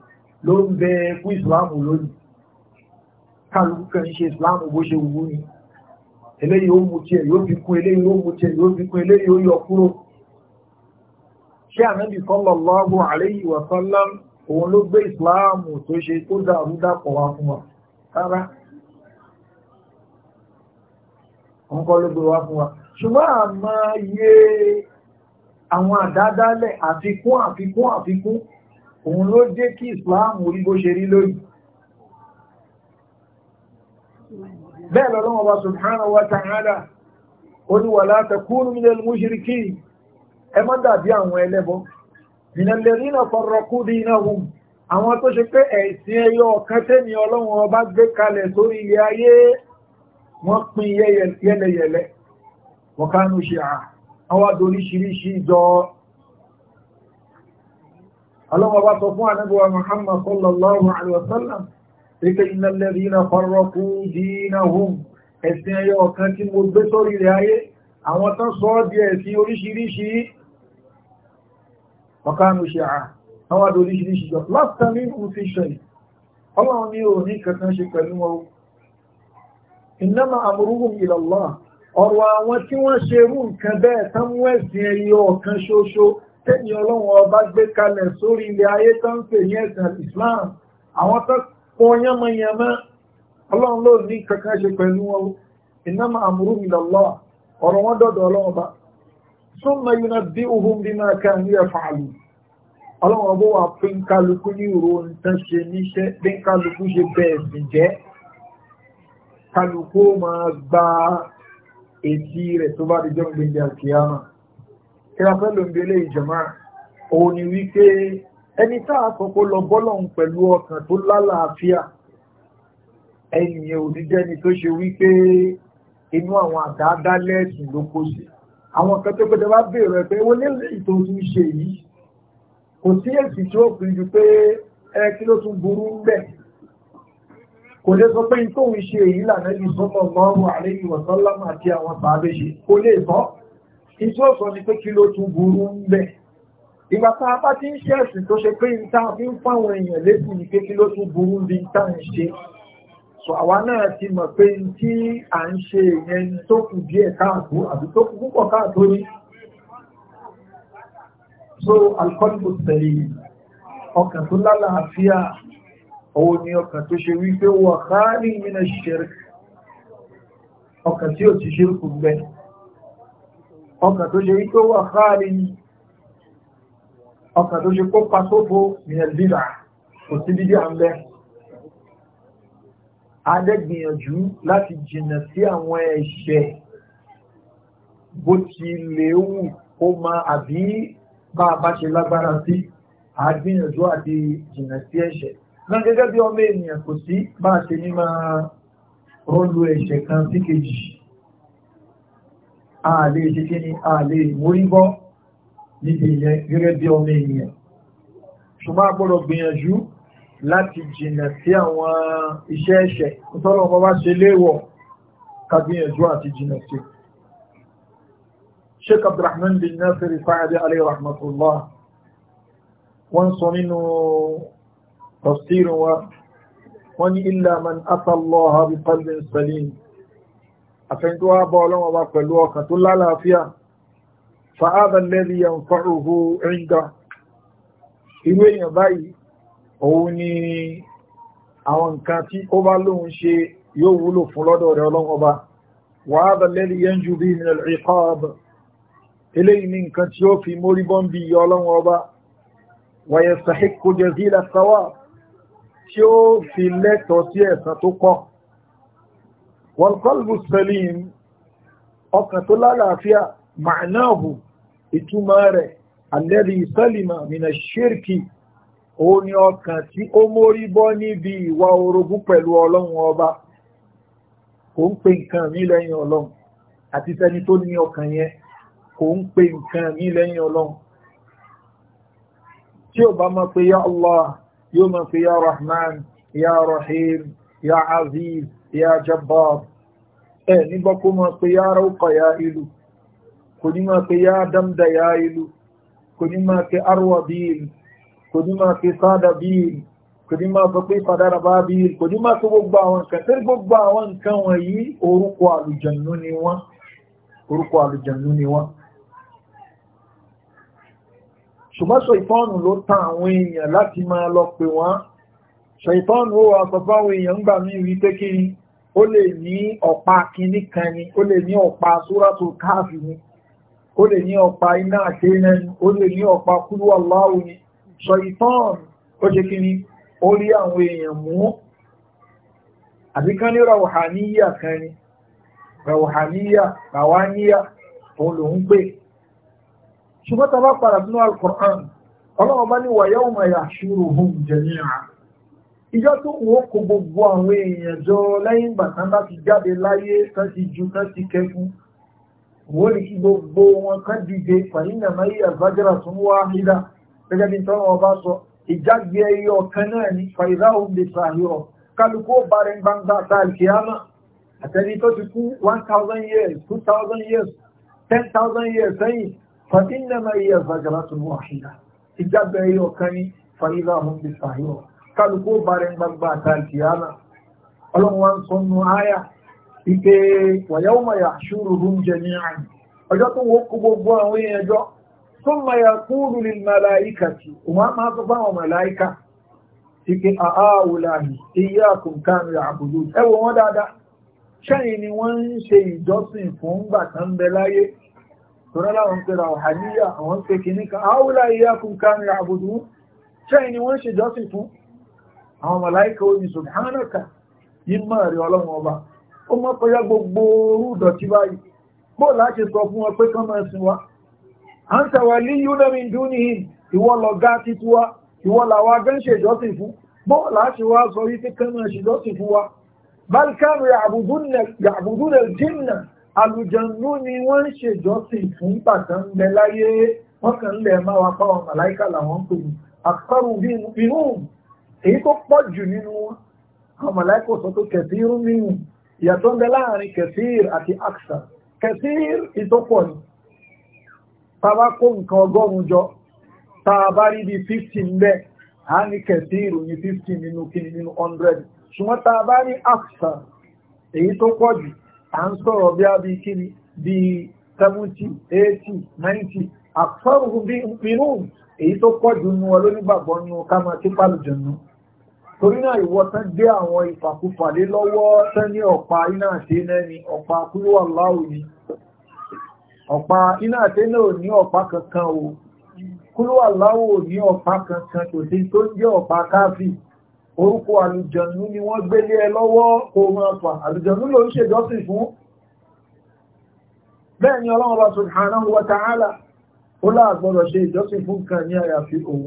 ló ń bẹ fún ìsìláàmù lónìí kálukú kan ṣe ìsìláàmù bó ṣe wù ní eléyìí ó mú tiẹ̀ yóò fi kún eléyìí ó mú tiẹ̀ yóò fi kún eléyìí ó yọ kúrò ṣé ànábì sallallahu alayhi wa sallam òun ló gbé ìsìláàmù tó ṣe tó dàrú dàpọ̀ wá fún wa rárá òun kọ́ ló gbé wá fún wa ṣùgbọ́n àmọ́ iye àwọn àdádálẹ̀ àfikún àfikún àfikún òun ló jẹ́ kí islam orí bó ṣe rí lórí bẹ́ẹ̀ lọ́lọ́wọ́ bá subhanahu wa ta'ala ó ní wala takunu minal mushrikin ẹ má dàbí àwọn ẹlẹ́bọ minalladhina farraqu dinahum àwọn tó àwọn ọlọ́wọ́ bá sọ fún anábíwá Muhammad sallallahu alaihi wasallam ríkẹ́ iná lẹ́rí iná farọ́kú dínà hùn ẹ̀sìn ẹyọ ọ̀kan tí mo gbé sórí rẹ̀ ayé àwọn tán sọ ọ́ di ẹ̀sìn oríṣiríṣi ọ̀kánu ṣe à àwọn àdó oríṣiríṣi jọ lásìkò ní ìfúnṣẹ́ ọlọ́run tẹ́ni ọlọ́run ọba gbé kalẹ̀ sórí ilẹ̀ ayé tó ń pè ní ẹ̀sìn Islam àwọn tó pọ̀ yánmọ́yánmọ́ ọlọ́run ló ní kankan ṣe pẹ̀lú wọn innama amruhum ilallah ọ̀rọ̀ wọn dọ̀dọ̀ ọlọ́run ọba summa yunabbi'uhum bima kanu yaf'alun ọlọ́run ọba wà pín kálukú ní ìró nǹkan ṣe níṣẹ́ pín kálukú ṣe bẹ́ẹ̀ sì jẹ́ kálukú máa gba èsì rẹ̀ tó bá di jọ́ gbẹ̀gbẹ̀ àkíyàmá ìrafẹ́ ló ń belé ìjọmá òun ni wípé ẹni tá a sọ pé lọ bọ́lọ̀hún pẹ̀lú ọkàn tó lálàáfíà ẹnìyẹn òdíjẹ́ni tó ṣe wípé inú àwọn àdáadá lẹ́ẹ̀sùn ló kó sí àwọn kan tó gbọdọ̀ bá béèrè pé wọ́n nílé ìtò tún ṣe yìí kò sí èsì tí ó fi ju pé ẹ kí ló tún burú ń bẹ̀ kò lè sọ pé ìtòun ṣe èyí lànà ìsọmọ mọ́rùn-ún àríyìn wọ̀sánlámà àti àwọn bàbá ṣe kò lè sọ tí ó sọ ní pé kí ló tún burú ń bẹ̀. ìgbà tá a bá ti ń ṣe ẹ̀sìn tó ṣe pé n tá a fi ń fáwọn èèyàn lẹ́sìn ní pé kí ló tún burú ń bí n ń ṣe. sọ àwa náà ti mọ̀ pé tí à ń ṣe ìyẹn tó kù díẹ̀ káàtó àbí tó kù púpọ̀ káàtó ní. so alkọ́nìkò tẹ̀lé ọkàn tó lálàáfíà òun ni ọkàn tó ṣe wípé wọ̀ káàrí mi náà ọkàn tí ò ti ṣe é kù gbẹ̀ẹ́ ọkàn tó ṣe tó wà fáàrí ọkàn tó ṣe kópa sófò ní ẹ̀lbíra kò sí bídí àmẹ́ adẹ́gbìyànjú láti jìnnà sí àwọn ẹ̀ṣẹ̀ bó ti lè wù ó ma àbí bá a bá ṣe lágbára sí àgbìyànjú àti jìnnà sí ẹ̀ṣẹ̀ náà gẹ́gẹ́ bí ọmọ ènìyàn kò sí bá a ṣe ní máa rọ́lu ẹ̀ṣẹ̀ kan sí kejì ààlè ṣíṣe ni ààlè ìmúrígbọ́ níbi ìyẹn gẹ́gẹ́ bí ọmọ ènìyàn ṣùgbọ́n agbọ́dọ̀ gbìyànjú láti jìnà sí àwọn iṣẹ́ ẹ̀ṣẹ̀ ìtọ́lọ̀ ọmọ bá ṣe léèwọ̀ ká gbìyànjú àti jìnà sí Sheikh Abdurrahman bin Nasir Sa'di alayhi rahmatullah wọ́n sọ nínú tafsirin wa wọ́n ní illa man ata Allah salim àfẹ́ntó wá bá ọlọ́run ọba pẹ̀lú ọkàn tó lálàáfíà fa'áàbà lẹ́rí yẹn fa'òhó ríńgá irú èèyàn báyìí òun ni àwọn nǹkan tí ó bá lóun ṣe yóò wúlò fún lọ́dọ̀ rẹ̀ ọlọ́run ọba wa'áàbà jù bí minal iqab eléyìí ni nǹkan tí ó fi mórí bọ́n bí iye ọlọ́run ọba wàyẹ̀ sàhíkò jazila tí ó fi lẹ́tọ̀ọ́ sí ẹ̀san tó kọ́ wọ́nkọ́lùbù sẹ́lìm ọkàn tó lálàáfíà màánáhù ìtumọ̀ rẹ̀ alẹ́rí sẹ́lìmà mìnà ṣírkì ó ní ọkàn tí ó mórí bọ́ níbi ìwà orogún pẹ̀lú ọlọ́run ọba kò ń pe nǹkan mí lẹ́yìn ọlọ́run àti sẹ́ni tó ní ya Aziz ya jabbar ẹ nígbọ́ kó mọ́ pé ya rauqa ya ilu kò ní máa pé ya damda ya ilu kò ní máa pé arwa bíl kò ní máa pé sada bíl kò ní máa sọ pé fadara bá bíl kò ní máa pé gbogbo àwọn nǹkan tẹ́lẹ̀ gbogbo àwọn nǹkan wọ̀nyí orúkọ àlùjànnú ni wọ́n ṣùgbọ́n ṣaitọ́nù ló tàn àwọn èèyàn láti máa lọ pè wọ́n ṣaitọ́nù ó wà sọ fáwọn èèyàn ń gbà mí wípé kí ni ó lè ní ọ̀pá kìíní kan ni ó lè ní ọ̀pá le káàfì ni ó lè ní ọ̀pá iná ni ó lè ní ọ̀pá kúrú ni sọ ìtàn ó ṣe kí ni ó rí àwọn èèyàn mú àbí kan ní ràwùhàníyà kan ni ràwùhàníyà ràwáníyà òun lòún pè ṣùgbọ́n tá a bá padà sínú alukur'an bá ní wàyáwùmọ̀ yà ṣúrù ìjọ tó wò kó gbogbo àwọn èèyàn jọ lẹ́yìn bàtán bá ti jáde láyé tán ti ju tán ti kẹfún wọ́n ní kí gbogbo wọn kán dìde fàyínà máyé àbájára tó ń wá hídà gẹ́gẹ́ bí tọ́wọ́ ọba sọ ìjágbe ẹyọ ọ̀kan náà ní fàyíra òun lè fàyọ̀ kálukú ó bá gbangba ta ìkíyàmà àtẹni tó ti kú one thousand years two thousand years ten thousand years sẹ́yìn fàyínà máyé àbájára tó ń wá hídà ìjágbe ẹyọ ọ̀kan ní fàyíra òun lè fàyọ̀ kálukú bára ń gbagba àtàkì àmà ọlọ́run wa ń sọ nù áyà ike wa yawma yahshuruhum jami'an ọjọ́ tó wọ́n kó gbogbo àwọn èèyàn jọ thumma yaqulu lil malaikati òun á máa sọ fáwọn màláìkà ike àáwòláhì iyyakum kanu ya'budun ẹ wò wọ́n dáadáa ṣẹ́yìn ni wọ́n ń ṣe ìjọsìn fún gbà bẹ láyé àwọn ni ń ṣe ìjọsìn fún àwọn màláìkà ó ní subhanaka ìmọ̀ rẹ̀ ọlọ́run ọba ó mọ́ kọjá gbogbo orúdọ̀ tí báyìí bó láti sọ fún wọn pé kán máa sin wa à ń tàwà lí yúnàmì dúnìí ìwọ lọ̀gá títí wa ìwọ làwọn agánṣe ìjọsìn fún bó láti wá sọ wípé kán máa ṣèjọsìn fún wa balkanu yàbùdúnà jìnnà àlùjànnú ni èyí tó pọ̀ jù nínú wọn àwọn mọ̀láìkò sọ pé kẹsìrú nínú ìyàtọ̀ ń bẹ láàrin kẹsìr àti àkṣà kẹsìr ìtọ́pọ̀ ni tá bá kó nǹkan ọgọ́rùn-ún jọ tá bá rí bí fifteen bẹ́ẹ̀ a ní kẹsìr ní fifteen nínú kíni nínú hundred ṣùgbọ́n tá a bá ní àkṣà èyí tó pọ̀ jù à ń sọ̀rọ̀ bí a bí kíni bí seventy eighty ninety àkṣọ́rù bí nínú èyí tó pọ̀ jù nínú ọlọ́nígbàgbọ́ nínú ká máa kí pàlùjọ nínú torí náà ìwọ tán dé àwọn ìfàkúfàdé lọ́wọ́ tán ní ọ̀pá iná àti iná ni ọ̀pá kúrò aláwò ni ọ̀pá iná àti iná ò ní ọ̀pá kankan o kúrò aláwò ò ní ọ̀pá kankan kò sí tó jẹ́ ọ̀pá káfí orúkọ àlùjọ̀nú ni wọ́n gbélé ẹ lọ́wọ́ kó máa fà àlùjọ̀nú ló ń ṣèjọ́sìn ṣe ìjọ́sìn fún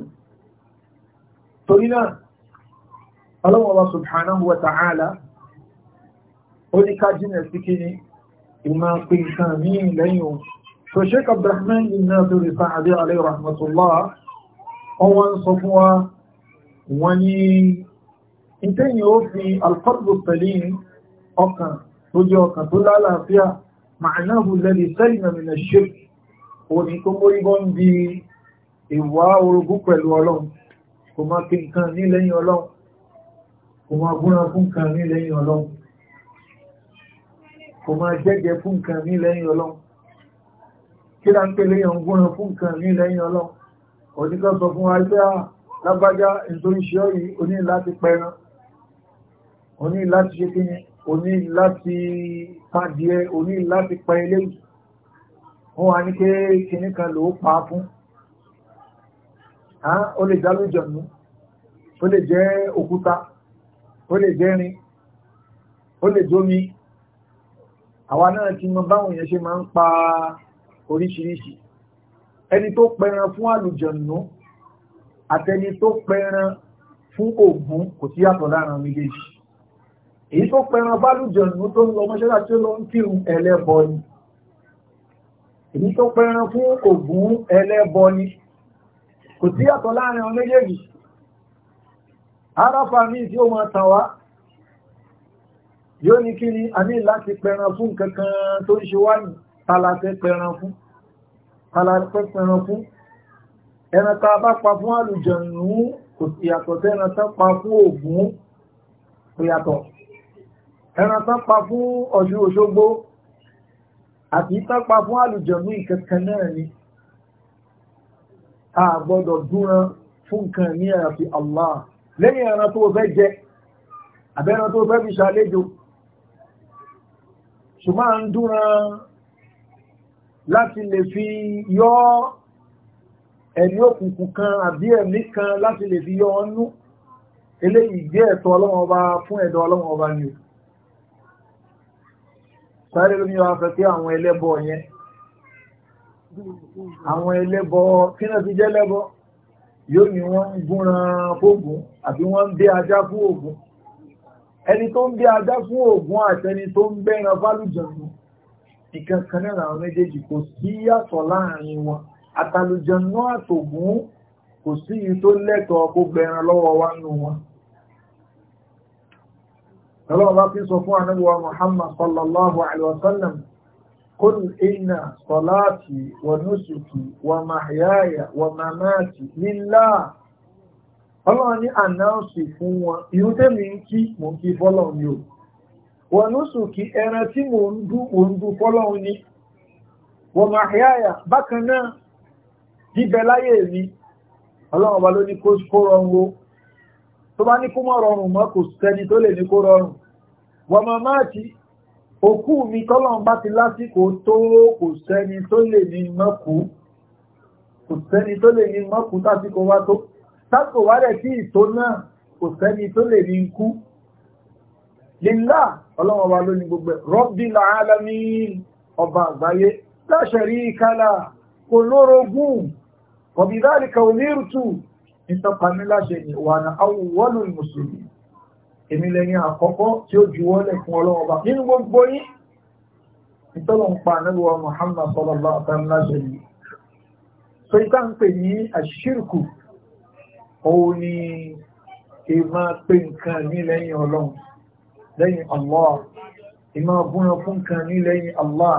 ọlọ́wọ́wọ́ subhanahu wa ta'ala ó ní ká jìnà sí kí ni ìmá pín nǹkan ní lẹ́yìn ohun tó sheik abdulrahman bin nasir sa'adi alayhi rahmatullah ọwọ́n sọ fún wa wọ́n ní ìtẹ́yìn ó fi alqalbu salim ọkàn tó jẹ́ ọkàn tó lálàáfíà ma'anahu alladhi salima min ó kò máa búra fún kan ní lẹ́yìn ọlọ́run kò máa jẹ́gẹ̀ fún kan ní lẹ́yìn ọlọ́run kí lá ń pè léyàn búra fún kan ní lẹ́yìn ọlọ́run òdíkọ́ sọ fún wa pé ah, lábájá nítorí ṣe ọ́ yìí o ní láti pẹran o láti ṣe kíni o láti pàdíẹ o láti pa eléyìí wọ́n wá ní pé kìíní kan ló pa fún ó lè dá lójọ̀nù ó lè jẹ́ òkúta ó lè jẹ́rin ó lè jómi àwa náà ti mọ báwọn èèyàn ṣe máa ń pa oríṣiríṣi ẹni tó pẹran fún àlùjọ̀nù àtẹni tó pẹran fún Ògún kò sí yàtọ̀ láàrin méjèèjì èyí tó pẹran bálùjọ̀nù tó ń lọ mọ́ṣẹ́lá tí ó lọ ń kírun ẹlẹ́bọ ni èyí tó pẹran fún Ògún ẹlẹ́bọ ni kò sí yàtọ̀ láàrin méjèèjì arafa mi tí ó máa tàn wá yóò ní kí ni a ní láti pẹran fún kankan tó ń ṣe wá ní talatẹ pẹran fún talatẹ pẹran fún ẹran tá a bá pa fún àlùjànnú kò sí yàtọ̀ tẹ́ran tán pa fún Ògún kò yàtọ̀ ẹran tán pa fún Ọ̀ṣun Òṣogbo àti tán fún àlùjànnú ìkankan náà ni a gbọ́dọ̀ dúnran fún nǹkan ní àyàfi Allah lẹ́yìn ẹran tó fẹ́ jẹ àbẹ́ran tó fẹ́ fi ṣàlejò ṣùgbọ́n à ń dúran láti lè fi yọ ẹ̀mí òkùnkùn kan àbí ẹ̀mí kan láti lè fi yọ ọ́ nú eléyìí gbé ẹ̀tọ́ ọlọ́wọ́n fún ẹ̀dọ́ ọlọ́wọ́n ni sáré lómi wa fẹ́ pé àwọn ẹlẹ́bọ yẹn àwọn ẹlẹ́bọ kí náà ti jẹ́ lẹ́bọ yóò ní wọ́n ń gúnran fóògùn àbí wọ́n ń bí ajá fún ògùn ẹni tó ń bí ajá fún ògùn àtẹni tó ń bẹ́ran fálùjọ̀nù nìkan kan náà àwọn méjèèjì kò sí yàtọ̀ láàrin wọn àtògùn kò sí yìí tó lẹ́tọ̀ọ́ kó wa nù wọn. ọlọ́run bá fi sọ fún anábíwá Muhammad sallallahu alaihi wa قل إن صلاتي ونسكي ومحياي ومماتي لله Ọlọ́run ní ànáùsì fún wọn, ìhú tẹ́mi ń kí mò ń kí fọ́lọ́run ni Wọ́n ló sùn kí ẹran tí mò ń dú dú fọ́lọ́run Wọ́n máa àyà bákan náà jíbẹ láyé mi. òkú mi tọ́lọ́n bá ti lásìkò tó kò sẹ́ni tó lè ní mọ́kú kò sẹ́ni tó lè ní mọ́kú tásìkò wá tó tásìkò wá rẹ̀ sí ìtò náà kò sẹ́ni tó lè ní kú lílá ọlọ́wọ́ wa lónìí gbogbo Rabbil alamin ọba àgbáyé la sharika lah kò lórogún kọ̀bí dhalika umirtu ìtọ́pamíláṣẹ́ ni wà ní awwalul muslimin èmi lẹ́yìn àkọ́kọ́ tí ó juwọ́lẹ̀ fún ọlọ́ọba nínú gbogbo yín ìtọ́lọ̀ ń pa nílùú Muhammad sallallahu alaihi wa sallam so ìta ń pè ní àṣírkù òun ni ìmá pé nǹkan ní lẹ́yìn ọlọ́run lẹ́yìn Allah ìmá búra fún nǹkan ní lẹ́yìn Allah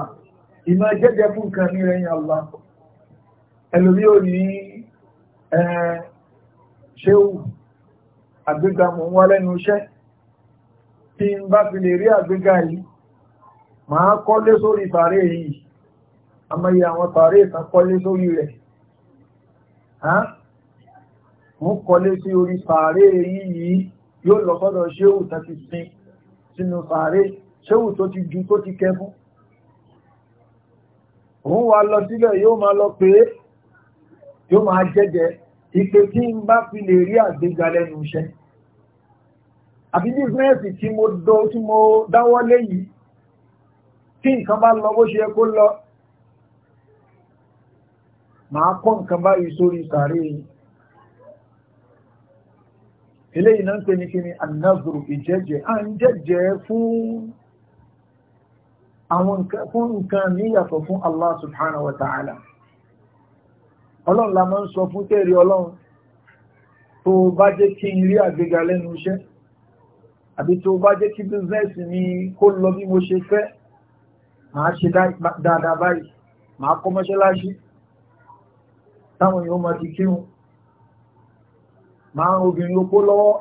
ìmá jẹ́jẹ́ fún nǹkan ní lẹ́yìn Allah ẹlòmí ò ní eh, ṣéwù àgbégamù wá lẹ́nu iṣẹ́ tí ń bá fi lè rí àgbégá yìí máa kọ́lé sórí tààrí yìí amáyé àwọn tààrí ìtàn kọ́lé sórí rẹ̀ mú kọ́lé sí orí tààrí yìí yóò lọ sọ́dọ̀ ṣéhù tó ti sin sínú tààrí ṣéhù tó ti ju tó ti kẹ fún òun wà lọ sílẹ̀ yóò máa lọ pé yóò máa jẹ́jẹ́ ìpè tí ń bá fi lè rí àgbégá lẹ́nu iṣẹ́ àbí bísínẹ́sì tí mo dọ́ tí mo dáwọ́ lé yìí tí nǹkan bá lọ bó ṣe kó lọ màá kọ́ nǹkan báyìí sórí sàárè eléyìí náà ń pè ní kíni anazuru ìjẹ́jẹ́ à ń jẹ́jẹ́ fún àwọn fún nǹkan níyàtọ̀ fún Allah subhanahu wa ta'ala ọlọ́run la máa ń sọ fún tẹ́rí ọlọ́run tó bá jẹ́ kí n rí àgbéga iṣẹ́ àbí tó bá jẹ́ kí bíznẹ́sì mi kó lọ bí mo ṣe fẹ́ máa ṣe dáadáa báyìí máa kọ́ mọ́ṣáláṣí táwọn èèyàn máa ti kírun máa obìnrin opó lọ́wọ́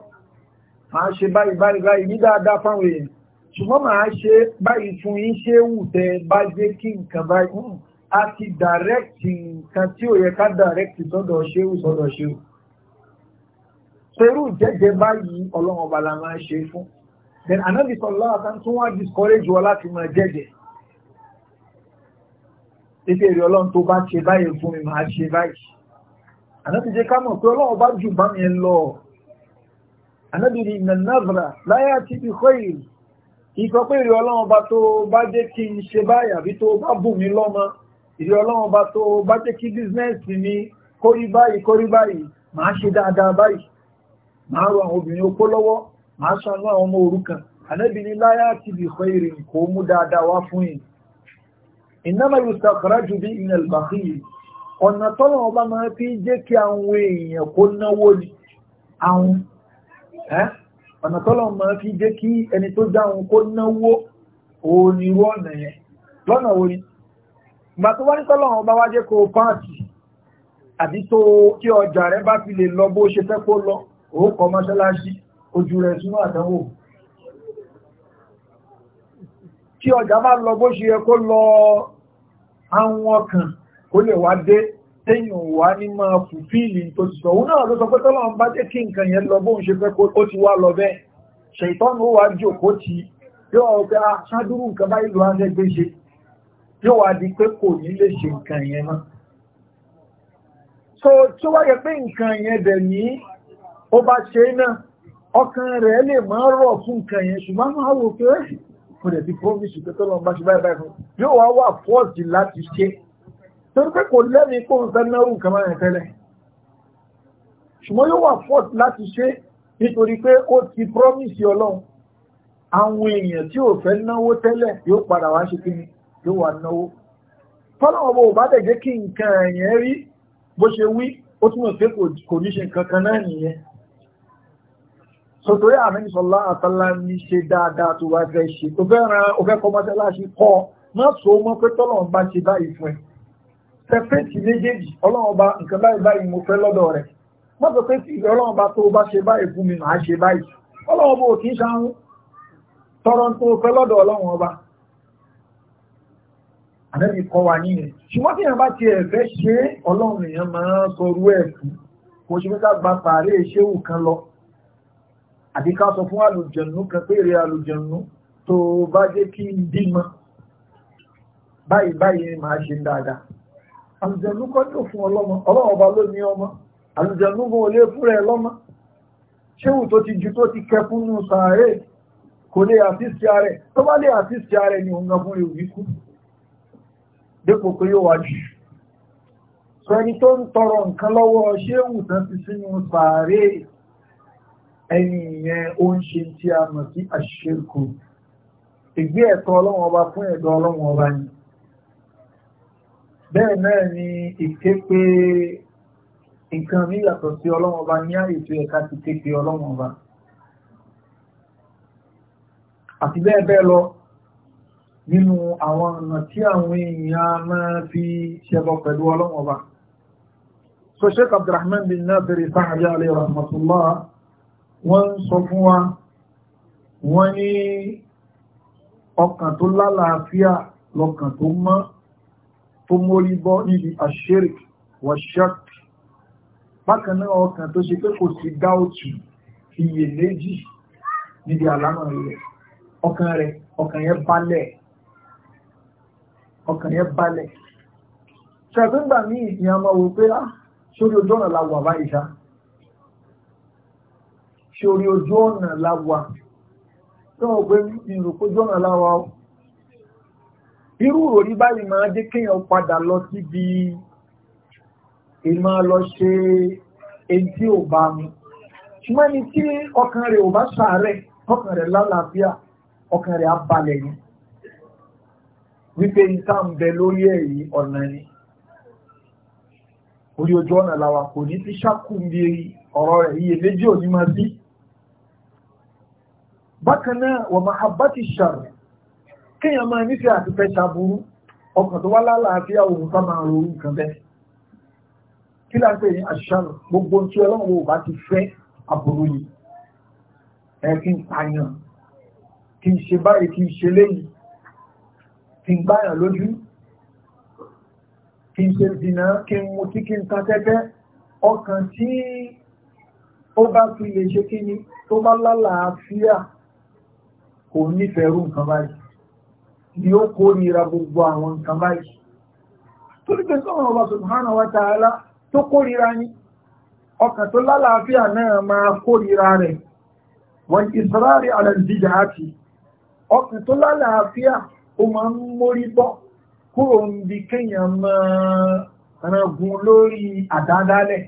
máa ṣe báyìí báyìí báyìí ní dáadáa fáwọn èèyàn ṣùgbọ́n máa ṣe báyìí fún yín ṣé wù tẹ bá jẹ́ kí nǹkan báyìí hmm, a ti dàrẹ́kì nǹkan tí ò yẹ ká dàrẹ́kì sọ́dọ̀ ṣéwù sọ́dọ̀ ṣéwù. Serú jẹ́jẹ́ báyìí ọlọ́run ọba la máa ṣe fún. Then Anabi sọ̀lá àtàn tún wá discourage wa láti máa jẹ́jẹ́. Ife èrè ọlọ́run tó bá ṣe báyìí fún mi máa ṣe báyìí. Anabi jẹ́ ká mọ̀ pé ọlọ́run bá jù bá mi lọ. Anabi ni Nanavra láyà ti fi kọ́ ìlú. Ìkọ́ pé èrè ọlọ́run ọba tó bá jẹ́ kí n ṣe báyìí àbí tó bá bù mí lọ́mọ. Èrè ọlọ́run ọba tó bá jẹ́ kí bísínẹ́sì mi kórí báyìí kórí báyìí máa ṣe dáadáa báyìí máa rọ àwọn obìnrin opó lọ́wọ́ máa ṣàánú àwọn ọmọ òrukàn ànábì ní láyá ti bì kọ́ èrè kò mú dáadáa wá fún yìí ìnáma yóò sàkàrà ju bí ìyẹn lùbàkì yìí ọ̀nà tọ́lọ̀ ọba máa fi jẹ́ kí àwọn èèyàn kó náwó ni àwọn ọ̀nà tọ́lọ̀ máa fi jẹ́ kí ẹni tó dá àwọn kó náwó òun ni irú ọ̀nà yẹn lọ́nà wo ni ìgbà tó wá ní tọ́lọ̀ ọba wá jẹ́ kó pààtì àbí kí ọjà rẹ bá fi lè lọ bó ṣe fẹ́ kó lọ ó kọ mọ́ṣáláṣí ojú rẹ̀ sínú àdánwò kí ọjà máa lọ bó ṣe yẹ kó lọ àwọn ọkàn kó lè wá dé téèyàn wá ní máa fùfíìlì tó ti sọ òun náà ló sọ pé tọ́lọ́run bá jẹ́ kí nǹkan yẹn lọ bóun ṣe fẹ́ kó ti wá lọ bẹ́ẹ̀ ṣètọ́nù ó wá jòkó ti yóò ọ̀gá ah, ṣáàdúrú nǹkan báyìí ló ránṣẹ́ gbé ṣe yóò wá di pé kò ní lè ṣe nǹkan yẹn mọ́ so tí ó wá yẹ pé nǹkan yẹn dẹ̀ ní ó bá ṣe náà ọkàn rẹ̀ lè máa rọ̀ fún nǹkan ṣùgbọ́n máa wò pé eh, kò dẹ̀ ti promise pé tó lọ bá ṣe báyìí báyìí fún yóò wá wà fọ́ọ̀tì láti ṣe torí pé kò lẹ́mìí kó ń fẹ́ náwó nǹkan máa yẹn tẹ́lẹ̀ ṣùgbọ́n yóò wà fọ́ọ̀tì láti ṣe nítorí pé ó ti promise ọlọ́run àwọn èèyàn tí ò fẹ́ náwó tẹ́lẹ̀ yóò padà wá ṣe kíni yóò wá náwó fọ́lọ́wọ́ bó bá dẹ̀ jẹ́ kí nǹkan ẹ̀yẹn rí bó ṣe wí ó túnmọ̀ pé kò ní ṣe nǹkan kan náà nìyẹn sotori àmì sọlá àtàlà ní ṣe dáadáa tó wá fẹ́ ṣe tó fẹ́ ran ọfẹ́ kọ́mọ́tẹ́láṣí kọ́ má so mọ́ pé tọ́lọ́run bá ṣe báyìí fún ẹ sẹpẹ́tì méjèèjì ọlọ́run bá nǹkan báyìí báyìí mo fẹ́ lọ́dọ̀ rẹ̀ má sọ pé tìrẹ ọlọ́run bá tó bá ṣe báyìí fún mi màá ṣe báyìí ọlọ́run bó kì í ṣàánú tọrọ tó fẹ́ lọ́dọ̀ ọlọ́run ọba àdẹ́bí kọ́ wa níyẹn ṣùgbọ́n tí èèyàn bá tiẹ̀ fẹ́ ṣe ọlọ́run èèyàn máa ń sọ rú ẹ̀ fún kò ṣe fẹ́ ká gba pàrẹ́ ìṣéwù kan lọ àti ká sọ fún àlùjànnú kan pé èrè àlùjànnú tó bá jẹ́ kí n bímọ báyìí báyìí ni màá ṣe dáadáa àlùjànnú kọ́ tó fún ọlọ́mọ ọlọ́ọ̀ba ló ní ọmọ àlùjànnú gan olè fúnra ẹ lọ́mọ ṣéwù tó ti ju tó ti kẹ fún nù sàárè kò lè àtìsí ààrẹ tó bá lè àtìsí ààrẹ ni òun gan fún ewu ikú dépò pé yóò wájú sọ ẹni tó ń tọrọ nǹkan lọ́wọ́ ṣéwù tán ti sínú sàárè ẹni ìyẹn ó ń ṣe tí a mọ̀ sí àṣírkù ìgbé ẹ̀tọ́ ọlọ́wọ́n ọba fún ẹ̀dọ́ ọlọ́wọ́n ọba ni bẹ́ẹ̀ náà ni ìké pé nǹkan mi yàtọ̀ sí ọlọ́wọ́n ọba ní ààyè tó yẹ ká ti ké pe ọlọ́wọ́n ọba àti bẹ́ẹ̀ bẹ́ẹ̀ lọ nínú àwọn ọ̀nà tí àwọn èèyàn máa fi ṣẹbọ pẹ̀lú ọlọ́wọ́n ọba so sheikh abdulrahman bin nasir sahari alayhi rahmatullah wọ́n ń sọ fún wa wọ́n ní ọkàn tó lálàáfíà lọ́kàn tó mọ́ tó mórí bọ́ níbi àṣírík wọ́ṣọ́k bákan náà ọkàn tó ṣe pé kò sí dáòtù iyèméjì níbi àlámà rẹ̀ ọkàn rẹ̀ ọkàn yẹn balẹ̀ ọkàn yẹn balẹ̀ ṣàtúngbà míì ni a máa wò pé á ah, sórí ojú ọ̀nà la wà báyìí ṣáá ṣe orí ojú ọ̀nà láwa tó wọ́n pé ìrùkójú ọ̀nà láwa ó irú òrí báyìí máa jẹ́ kéèyàn padà lọ síbi ìmọ̀ lọ ṣe èyí tí ò bá mi ṣùgbọ́n ní tí ọkàn rẹ̀ ò bá ṣàárẹ̀ ọkàn rẹ̀ lálàáfíà ọkàn rẹ̀ á yìí wípé ìta ń bẹ lórí ẹ̀yí ọ̀nà ni orí ojú ọ̀nà làwà kò ní ti ṣàkùnbí ọ̀rọ̀ rẹ̀ iye méjì ò ní máa bí bákan náà wọ́n mahabbati shar kéèyàn máa nífẹ̀ẹ́ àti fẹ́ ṣàbúrú ọkàn tó wá lálàáfíà òun ká máa ro nǹkan bẹ́ẹ̀ kí láti pè ní àṣàrò gbogbo tí ọlọ́run ò bá ti fẹ́ àbúrú yìí ẹ kí n pààyàn kí n ṣe báyìí kí n ṣe léyìí kí n gbáyàn lójú kí n ṣe dìnà kí n mutí kí n ta tẹ́tẹ́ ọkàn tí ó bá fi lè ṣe kí ni tó bá lálàáfíà kò nífẹ̀ẹ́rú nǹkan báyìí ni ó kórìíra gbogbo àwọn nǹkan báyìí torí pé sọ́wọ́n ọba subhanahu wa ta'ala tó kórìíra ní ọkàn tó lálàáfíà náà máa kórìíra rẹ̀ wọ́n ìsirárì alẹ́dìjà àti ọkàn tó lálàáfíà ó máa ń mórí bọ́ kúrò ń bi kéèyàn máa rangun lórí àdádálẹ̀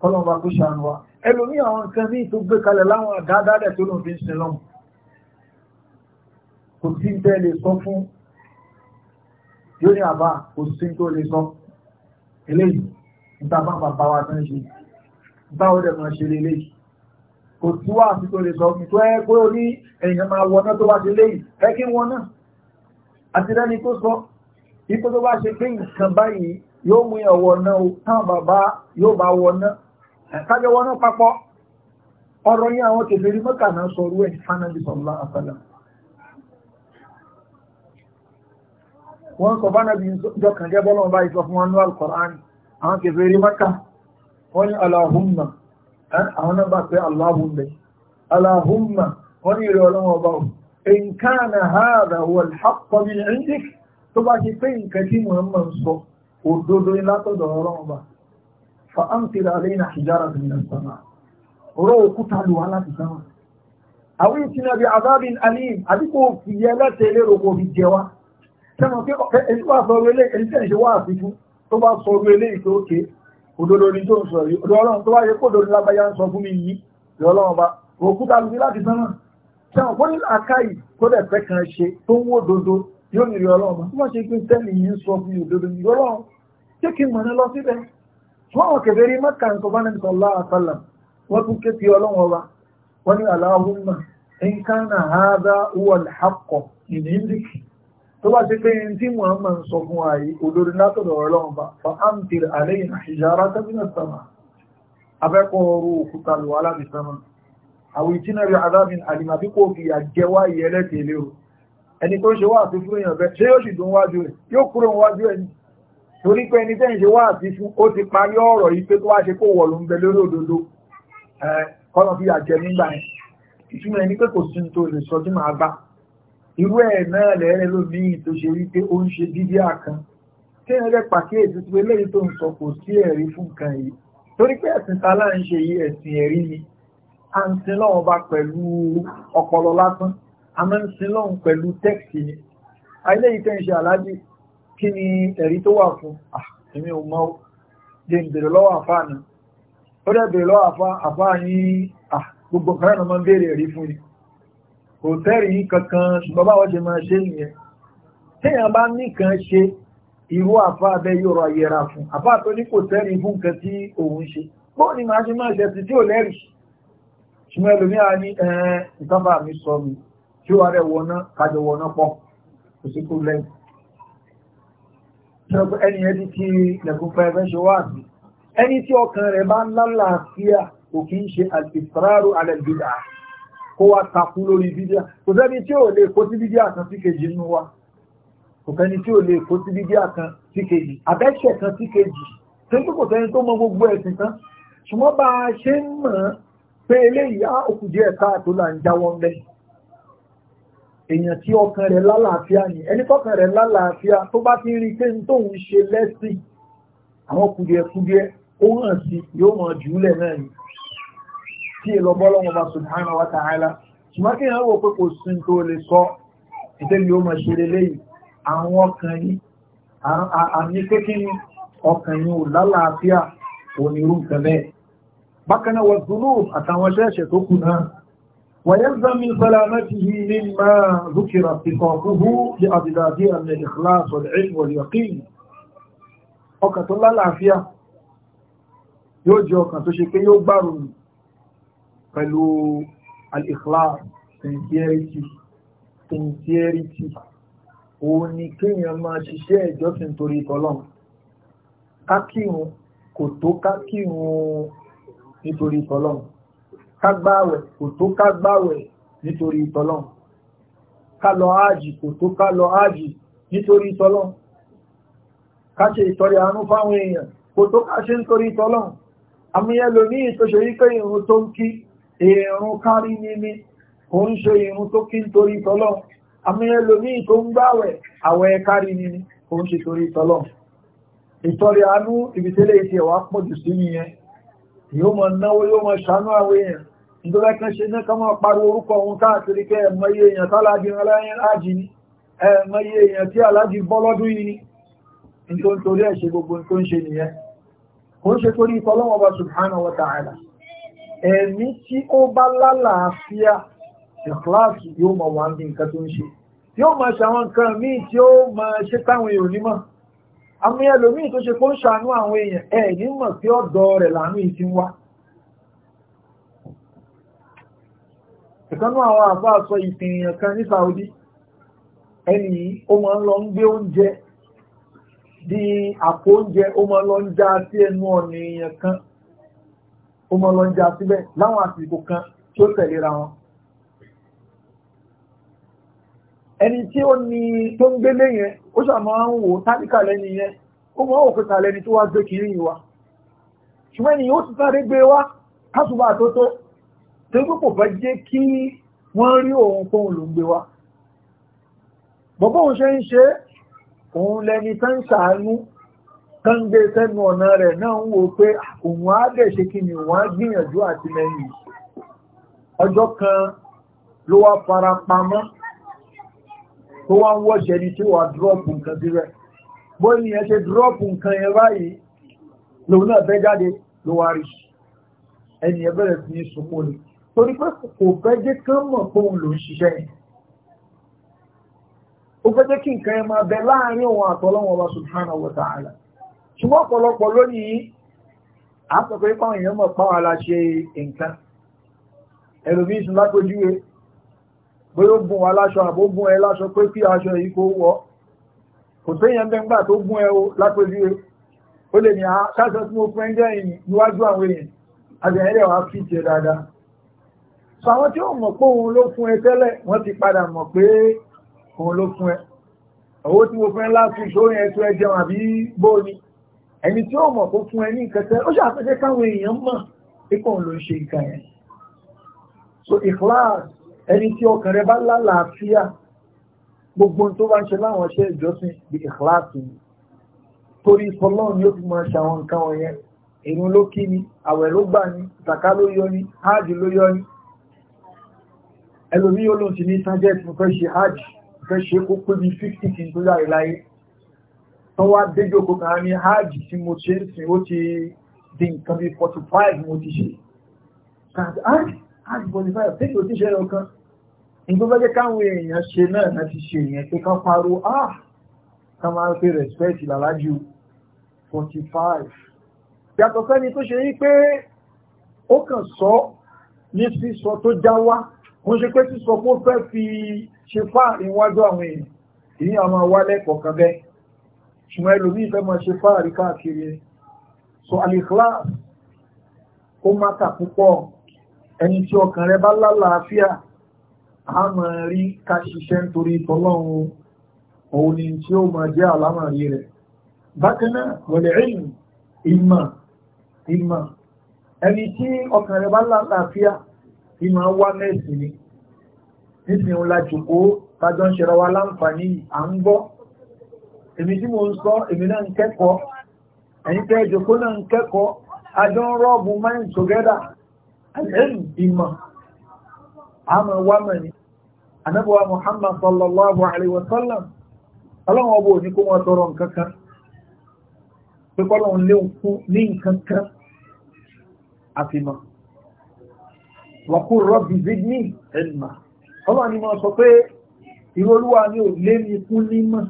kọ́lọ́mọba kó ṣàánú wa ẹlòmíì àwọn nǹkan míì tó gbé kalẹ̀ láwọn àdádálẹ̀ tó lòun fi ń sin lọ́mù kò sí tẹ́ lè sọ fún yóò ní àbá kò sí tó lè sọ eléyìí níta bá bàbá wa tán ṣe báwo dẹ̀ máa ṣe lélẹ́yìí kò tí wá àti tó lè sọ fún tó ẹ pé ó ní èèyàn máa wọná tó bá ṣe léyìí ẹ kí wọn náà àti lẹ́ni tó sọ ipò tó bá ṣe pé nǹkan báyìí yóò mú ẹ̀wọ̀ náà o táwọn bàbá yóò bá wọná kájọ wọná papọ̀ ọ̀rọ̀ yẹn àwọn kèfèrí mọ́kànlá sọ̀rọ̀ ẹ̀ fánàbí sọ̀rọ̀ àfẹ́lẹ́ wọ́n sọ bá nàbí jọkàn jẹ́ bọ́lọ̀ bá ìsọ fún wọn ní alkọ̀rán àwọn kẹfẹ́ rí maka wọ́n ní aláhùnmà àwọn náà bá pé aláhùnmà aláhùnmà wọ́n ní ìrẹ̀ ọlọ́wọ́ bá wù nǹkan na ha rà wọ́n hapọ̀ ní ẹ̀ńdík tó bá ti pé nǹkan tí muhammad sọ òdodo látọ̀dọ̀ ọlọ́wọ́ bá fa an ti rà lẹ́yìn àṣìjára tó ní sọ́nà ọ̀rọ̀ òkúta lù wá láti sánà àwọn ìtìnàbí azabin alim àdíkò fìyẹ́ látẹ̀lérò kò fi jẹ wa tẹ́mọ̀ pé ọ̀fẹ́ èyí wà sọ orílẹ̀ èyí òkè òdodo ni tó ń sọ ọlọ́run tó wá yẹ kódodo lábáyá fún mi yìí lọ́lọ́run bá òkúta lùmí láti sánmà tẹ́mọ̀ kó ní àkáyì kó dẹ̀ fẹ́ kan ṣe tó ń wó dodo yóò ní ọlọ́run bá wọ́n ṣe pé tẹ́lì yìí ń sọ fún òdodo ni ọlọ́run ṣé kí mọ̀ ní lọ síbẹ̀ wọ́n wọ̀ rí mọ́kà bá ní tó bá ti pé tí muhammad sọ fún àyí olórin látọ̀dọ̀ ọlọ́run bá fa'amtir alayna hijara tabina sama abẹ́kọ̀ ọrọ̀ òkúta lò alábi sama àwọn ìtínà rí adábin alimabi kò fi àjẹwà ìyẹlẹ́tẹ̀lẹ́ o ẹni tó ṣe wá àti fún èèyàn bẹ́ẹ̀ ṣé yóò sì dùn wájú ẹ̀ yóò kúrò wájú ẹ̀ ni torí pé kò sí ní tó lè sọ tí màá bá irú ẹ̀ náà lẹ́rẹ́ lómii tó ṣe rí pé ó ń ṣe dídíà kan tí ẹ rẹ pàkíyèsí tí eléyìí tó ń sọ kò sí ẹ̀rí fún nǹkan yìí torí pé ẹ̀sìn ta láà ń ṣe yìí ẹ̀sìn ẹ̀rí ni a ń sin lọ́wọ́ bá pẹ̀lú ọpọlọ lásán a máa ń sin lọ́wọ́ pẹ̀lú tẹ́ẹ̀sì ni eléyìí tẹ́ ń ṣe àlájì kí ni ẹ̀rí tó wà fún ah, èmi ò mọ̀ jẹ́ ń bèrè lọ́wọ́ àfa ni ó dẹ̀ bèrè lọ́wọ́ àfa àfa yín ah, gbogbo kan náà máa ń béèrè ẹ̀rí fún yìí kò tẹ́rì kankan ṣùgbọ́n báwọ́ ṣe máa ṣe nìyẹn téèyàn bá nìkan ṣe irú àfa abẹ yóò rọ ayẹra fún àfa tó ní kò tẹ́rì fún nǹkan tí òun ṣe bóun ni màá ṣe máa ṣe ti tí ò lẹ́rì ṣùgbọ́n ẹlòmíà ní ìtọ́fà mi sọ mi tí wàá rẹ̀ wọná kájọ wọná pọ̀ kò sí kú lẹ́yìn. ẹni tí ọkàn rẹ̀ bá ń lálàáfíà kò ń ṣe àtìfárárò kó wá takú lórí bídíà kò sẹ́ni tí ò lè kó sí bídíà kan sí kejì nínú wa kò sẹ́ni tí ò lè kó sí bídíà kan sí kejì abẹ́ṣẹ̀ kan sí kejì tó ń kò sẹ́ni tó mọ gbogbo ẹ̀sìn tán ṣùgbọ́n bá a ṣe ń mọ̀ pé eléyìí á òkú díẹ̀ káàtó là ń jáwọ́ ńlẹ̀ èèyàn tí ọkàn rẹ̀ lálàáfíà ni ẹni tọ́kàn rẹ̀ lálàáfíà tó bá ti rí pé tóun ṣe lẹ́sìn àwọn kùdìẹ̀kùdìẹ̀ ó hàn sí yóò mọ̀ jùúlẹ̀ náà ni tí èlò bọ́lọ́wọ́ bá subhanahu wa ta'ala ṣùgbọ́n kí ìyàwó pé kò sí tó lè sọ ìtẹ́lẹ̀ ó mọ̀ ṣe lélẹ́yìí àwọn ọkàn yìí àmì kékeré ọkàn yìí ò lálàáfíà onírú nǹkan bẹ́ẹ̀ bákan náà wọ́n dúró àtàwọn ṣẹ́ẹ̀ṣẹ̀ tó kù náà ويلزم من سلامته مما الإخلاص والعلم واليقين ọkàn tó lálàáfíà yóò jẹ́ ọkàn tó ṣe pé yóò gbárùn-ún pẹ̀lú al-ikhlas sincerity sincerity òun ni kéèyàn máa ṣiṣẹ́ ìjọsìn torí tọ́lọ́m kákírun kò tó kákírun nítorí tọ́lọ́m kágbáwẹ̀ kò tó kágbáwẹ̀ nítorí tọ́lọ́m kálọ áàjì kò tó kálọ áàjì nítorí tọ́lọ́m káṣe ìtọrẹ àánú fáwọn èèyàn kò tó káṣe nítorí tọ́lọ́m àmúyẹ́lòmíì tó ṣe rí kéèyàn tó ń kí èrùn kárí ní mi kò ń ṣe ìrun tó kí n torí tọ́lọ́ àmì ẹlòmíì tó ń gbàwẹ̀ àwẹ̀ kárí ní ẹ̀wà yóò mọ̀ náwó yóò mọ̀ ṣàánú àwọn èèyàn ìjọba kan ṣe náà kọ́mọ̀ orúkọ ohun káàkiri kẹ́ èèyàn èèyàn tí aláàjì bọ́ lọ́dún yìí ni ẹ̀mí tí ó bá lálàáfíà ìkíláàsì yóò máa wà ní nǹkan tó ń ṣe yóò máa nǹkan míì tí ó máa ṣe táwọn èèyàn nímọ̀ àmì ẹlòmíì tó ṣe kó ń ṣàánú àwọn èèyàn ẹ̀ nímọ̀ pé ọ̀dọ̀ rẹ̀ làánú yìí ti ń wá. àwọn àbá sọ kan ní Saudi ẹni ó máa ń lọ ń di àpò oúnjẹ ó máa ń lọ ń já sí ẹnu ọ̀nà èèyàn kan ó mọ́ lọ ń já síbẹ̀ láwọn àsìkò kan tí ó tẹ̀léra wọn. ẹni tí ó ní tó ń gbélé yẹn ó ṣàmọ́ ń wò táníkà lẹ́ni yẹn ó mọ́ òkúta lẹ́ni tó wá gbé kiri yìí wá ṣùgbọ́n ni yóò ti sáré gbé wá kásùbà tó tó tó gbogbo fẹ́ jẹ́ kí wọ́n rí òun kóhun ló ń gbé wá bọ́bọ́ òun ṣe ń ṣe òun lẹni tán ṣàánú kángbé sẹ́nu ọ̀nà rẹ̀ náà ń wo pé ah, òun á dẹ̀ ṣe kí ni òun á gbìyànjú àti lẹ́yìn ọjọ́ kan ló wá fara pamọ́ tó wá ń wọ́jẹ́ ni tí wà dúrọ́pù nǹkan sí rẹ̀ bó ní ẹ ṣe dúrọ́pù nǹkan yẹn báyìí lòun náà fẹ́ jáde ló wá rí ẹni ẹ bẹ̀rẹ̀ sí ní sunkún ni torí pé kò fẹ́ jẹ́ kán mọ̀ pé òun ló ń ṣiṣẹ́ yẹn ó fẹ́ jẹ́ kí nǹkan yẹn máa bẹ láàárín òun àtọ́lọ́wọ́n ọba subhanahu wa ta'ala ṣùgbọ́n ọ̀pọ̀lọpọ̀ lónìí a ń sọ pé pàwọn èèyàn mọ̀ pàwọn aláṣẹ nǹkan ẹlòmíísùn lápójúwe bóyá ó gún wa láṣọ àbó gún ẹ láṣọ pé kí aṣọ yìí kó wọ́ kò séyàn bẹ́ngbà tó gún ẹ o lápójúwe ó lè ní aṣọ ah, tí mo fún ẹ jẹ́ níwájú àwọn èèyàn àgbẹ̀yẹ́lẹ̀ wá fi jẹ dáadáa sọ àwọn tí ó mọ̀ pé òun ló fún ẹ tẹ́lẹ̀ wọ́n ti padà mọ̀ pé òun ló fún ẹ owó tí mo fún láti ṣó yẹn tó ẹ jẹun àbí bóoni ẹni tí ó mọ̀ tó fún ẹni kẹtẹ ó ṣàfẹ́fẹ́ káwọn èèyàn mọ̀ pípọ̀ ló ṣe nǹkan yẹn so ìkláàsì ẹni tí ọkàn rẹ bá lálàáfíà gbogbo tó bá ń ṣe láwọn iṣẹ́ ìjọsìn bí ìkláàsì ni torí ìfọlọ́run ni ó fi máa ṣàwọn nǹkan wọ̀nyẹn ìrun ló kí ni àwẹ̀ ló gbà ni tàkà ló yọ ni hajj ló yọ ni ẹlòmíyàn ló ti ní target mo fẹ́ ṣe hajj fẹ́ ṣe kó pé bíi fifty tó yára láyé tó wá déjókòó kan ní hajj tí mo ṣe ń sin ó ti di nǹkan bíi forty five mo ti ṣe hajj hajj forty five tí kò ti ṣe ẹ̀rọ kan nígbà bá jẹ́ káwọn èèyàn ṣe náà láti ṣe èèyàn pé ká parọ́ ah ká máa ń pè respect làlájú forty five yàtọ̀ sẹ́ni tó ṣe yí pé ó kàn sọ ní sísọ tó já wá wọ́n ṣe pé sísọ pé ó fẹ́ fi ṣe fáàrin wájú àwọn èèyàn ìyẹn àwọn awálẹ̀ kọ̀ọ̀kan bẹ́ẹ̀ ṣùgbọ́n ẹlòmí ìfẹ́ máa ṣe fáàrí káàkiri so al-ikhlas ó máta púpọ̀ ẹni tí ọkàn rẹ bá lálàáfíà a máa rí ká ṣiṣẹ́ nítorí tọ́lọ́run òun ni tí ó máa jẹ́ àlámàrí rẹ̀ bákan náà wẹ̀lẹ̀ ìlú ìmọ̀ ìmọ̀ ẹni tí ọkàn rẹ bá lálàáfíà ìmọ̀ wá mẹ́sìn ni nísìnyí ńlá jòkó tájọ́ ń ṣẹra wa láǹfààní à ń gbọ́ èmi tí mo ń sọ èmi náà ń kẹ́kọ̀ọ́ ẹ̀yin tẹ́ ìjòkó náà ń kẹ́kọ̀ọ́ àjọ ń rọ́ọ̀bù mind together alẹ́nu ìmọ̀ àmọ̀ wà mẹ́rin anábọ̀wá Muhammad sallallahu alayhi wa sallam ọlọ́run ọbọ̀ òní kó wọ́n tọrọ nǹkan kan pé kọ́lọ́run léwu kú ní nǹkan kan àfimọ́ wàkúrọ̀ bí zidni ẹ̀dùnmá ọlọ́run ni mo sọ pé ìrọlúwa ni ò lé mi kú ní mọ́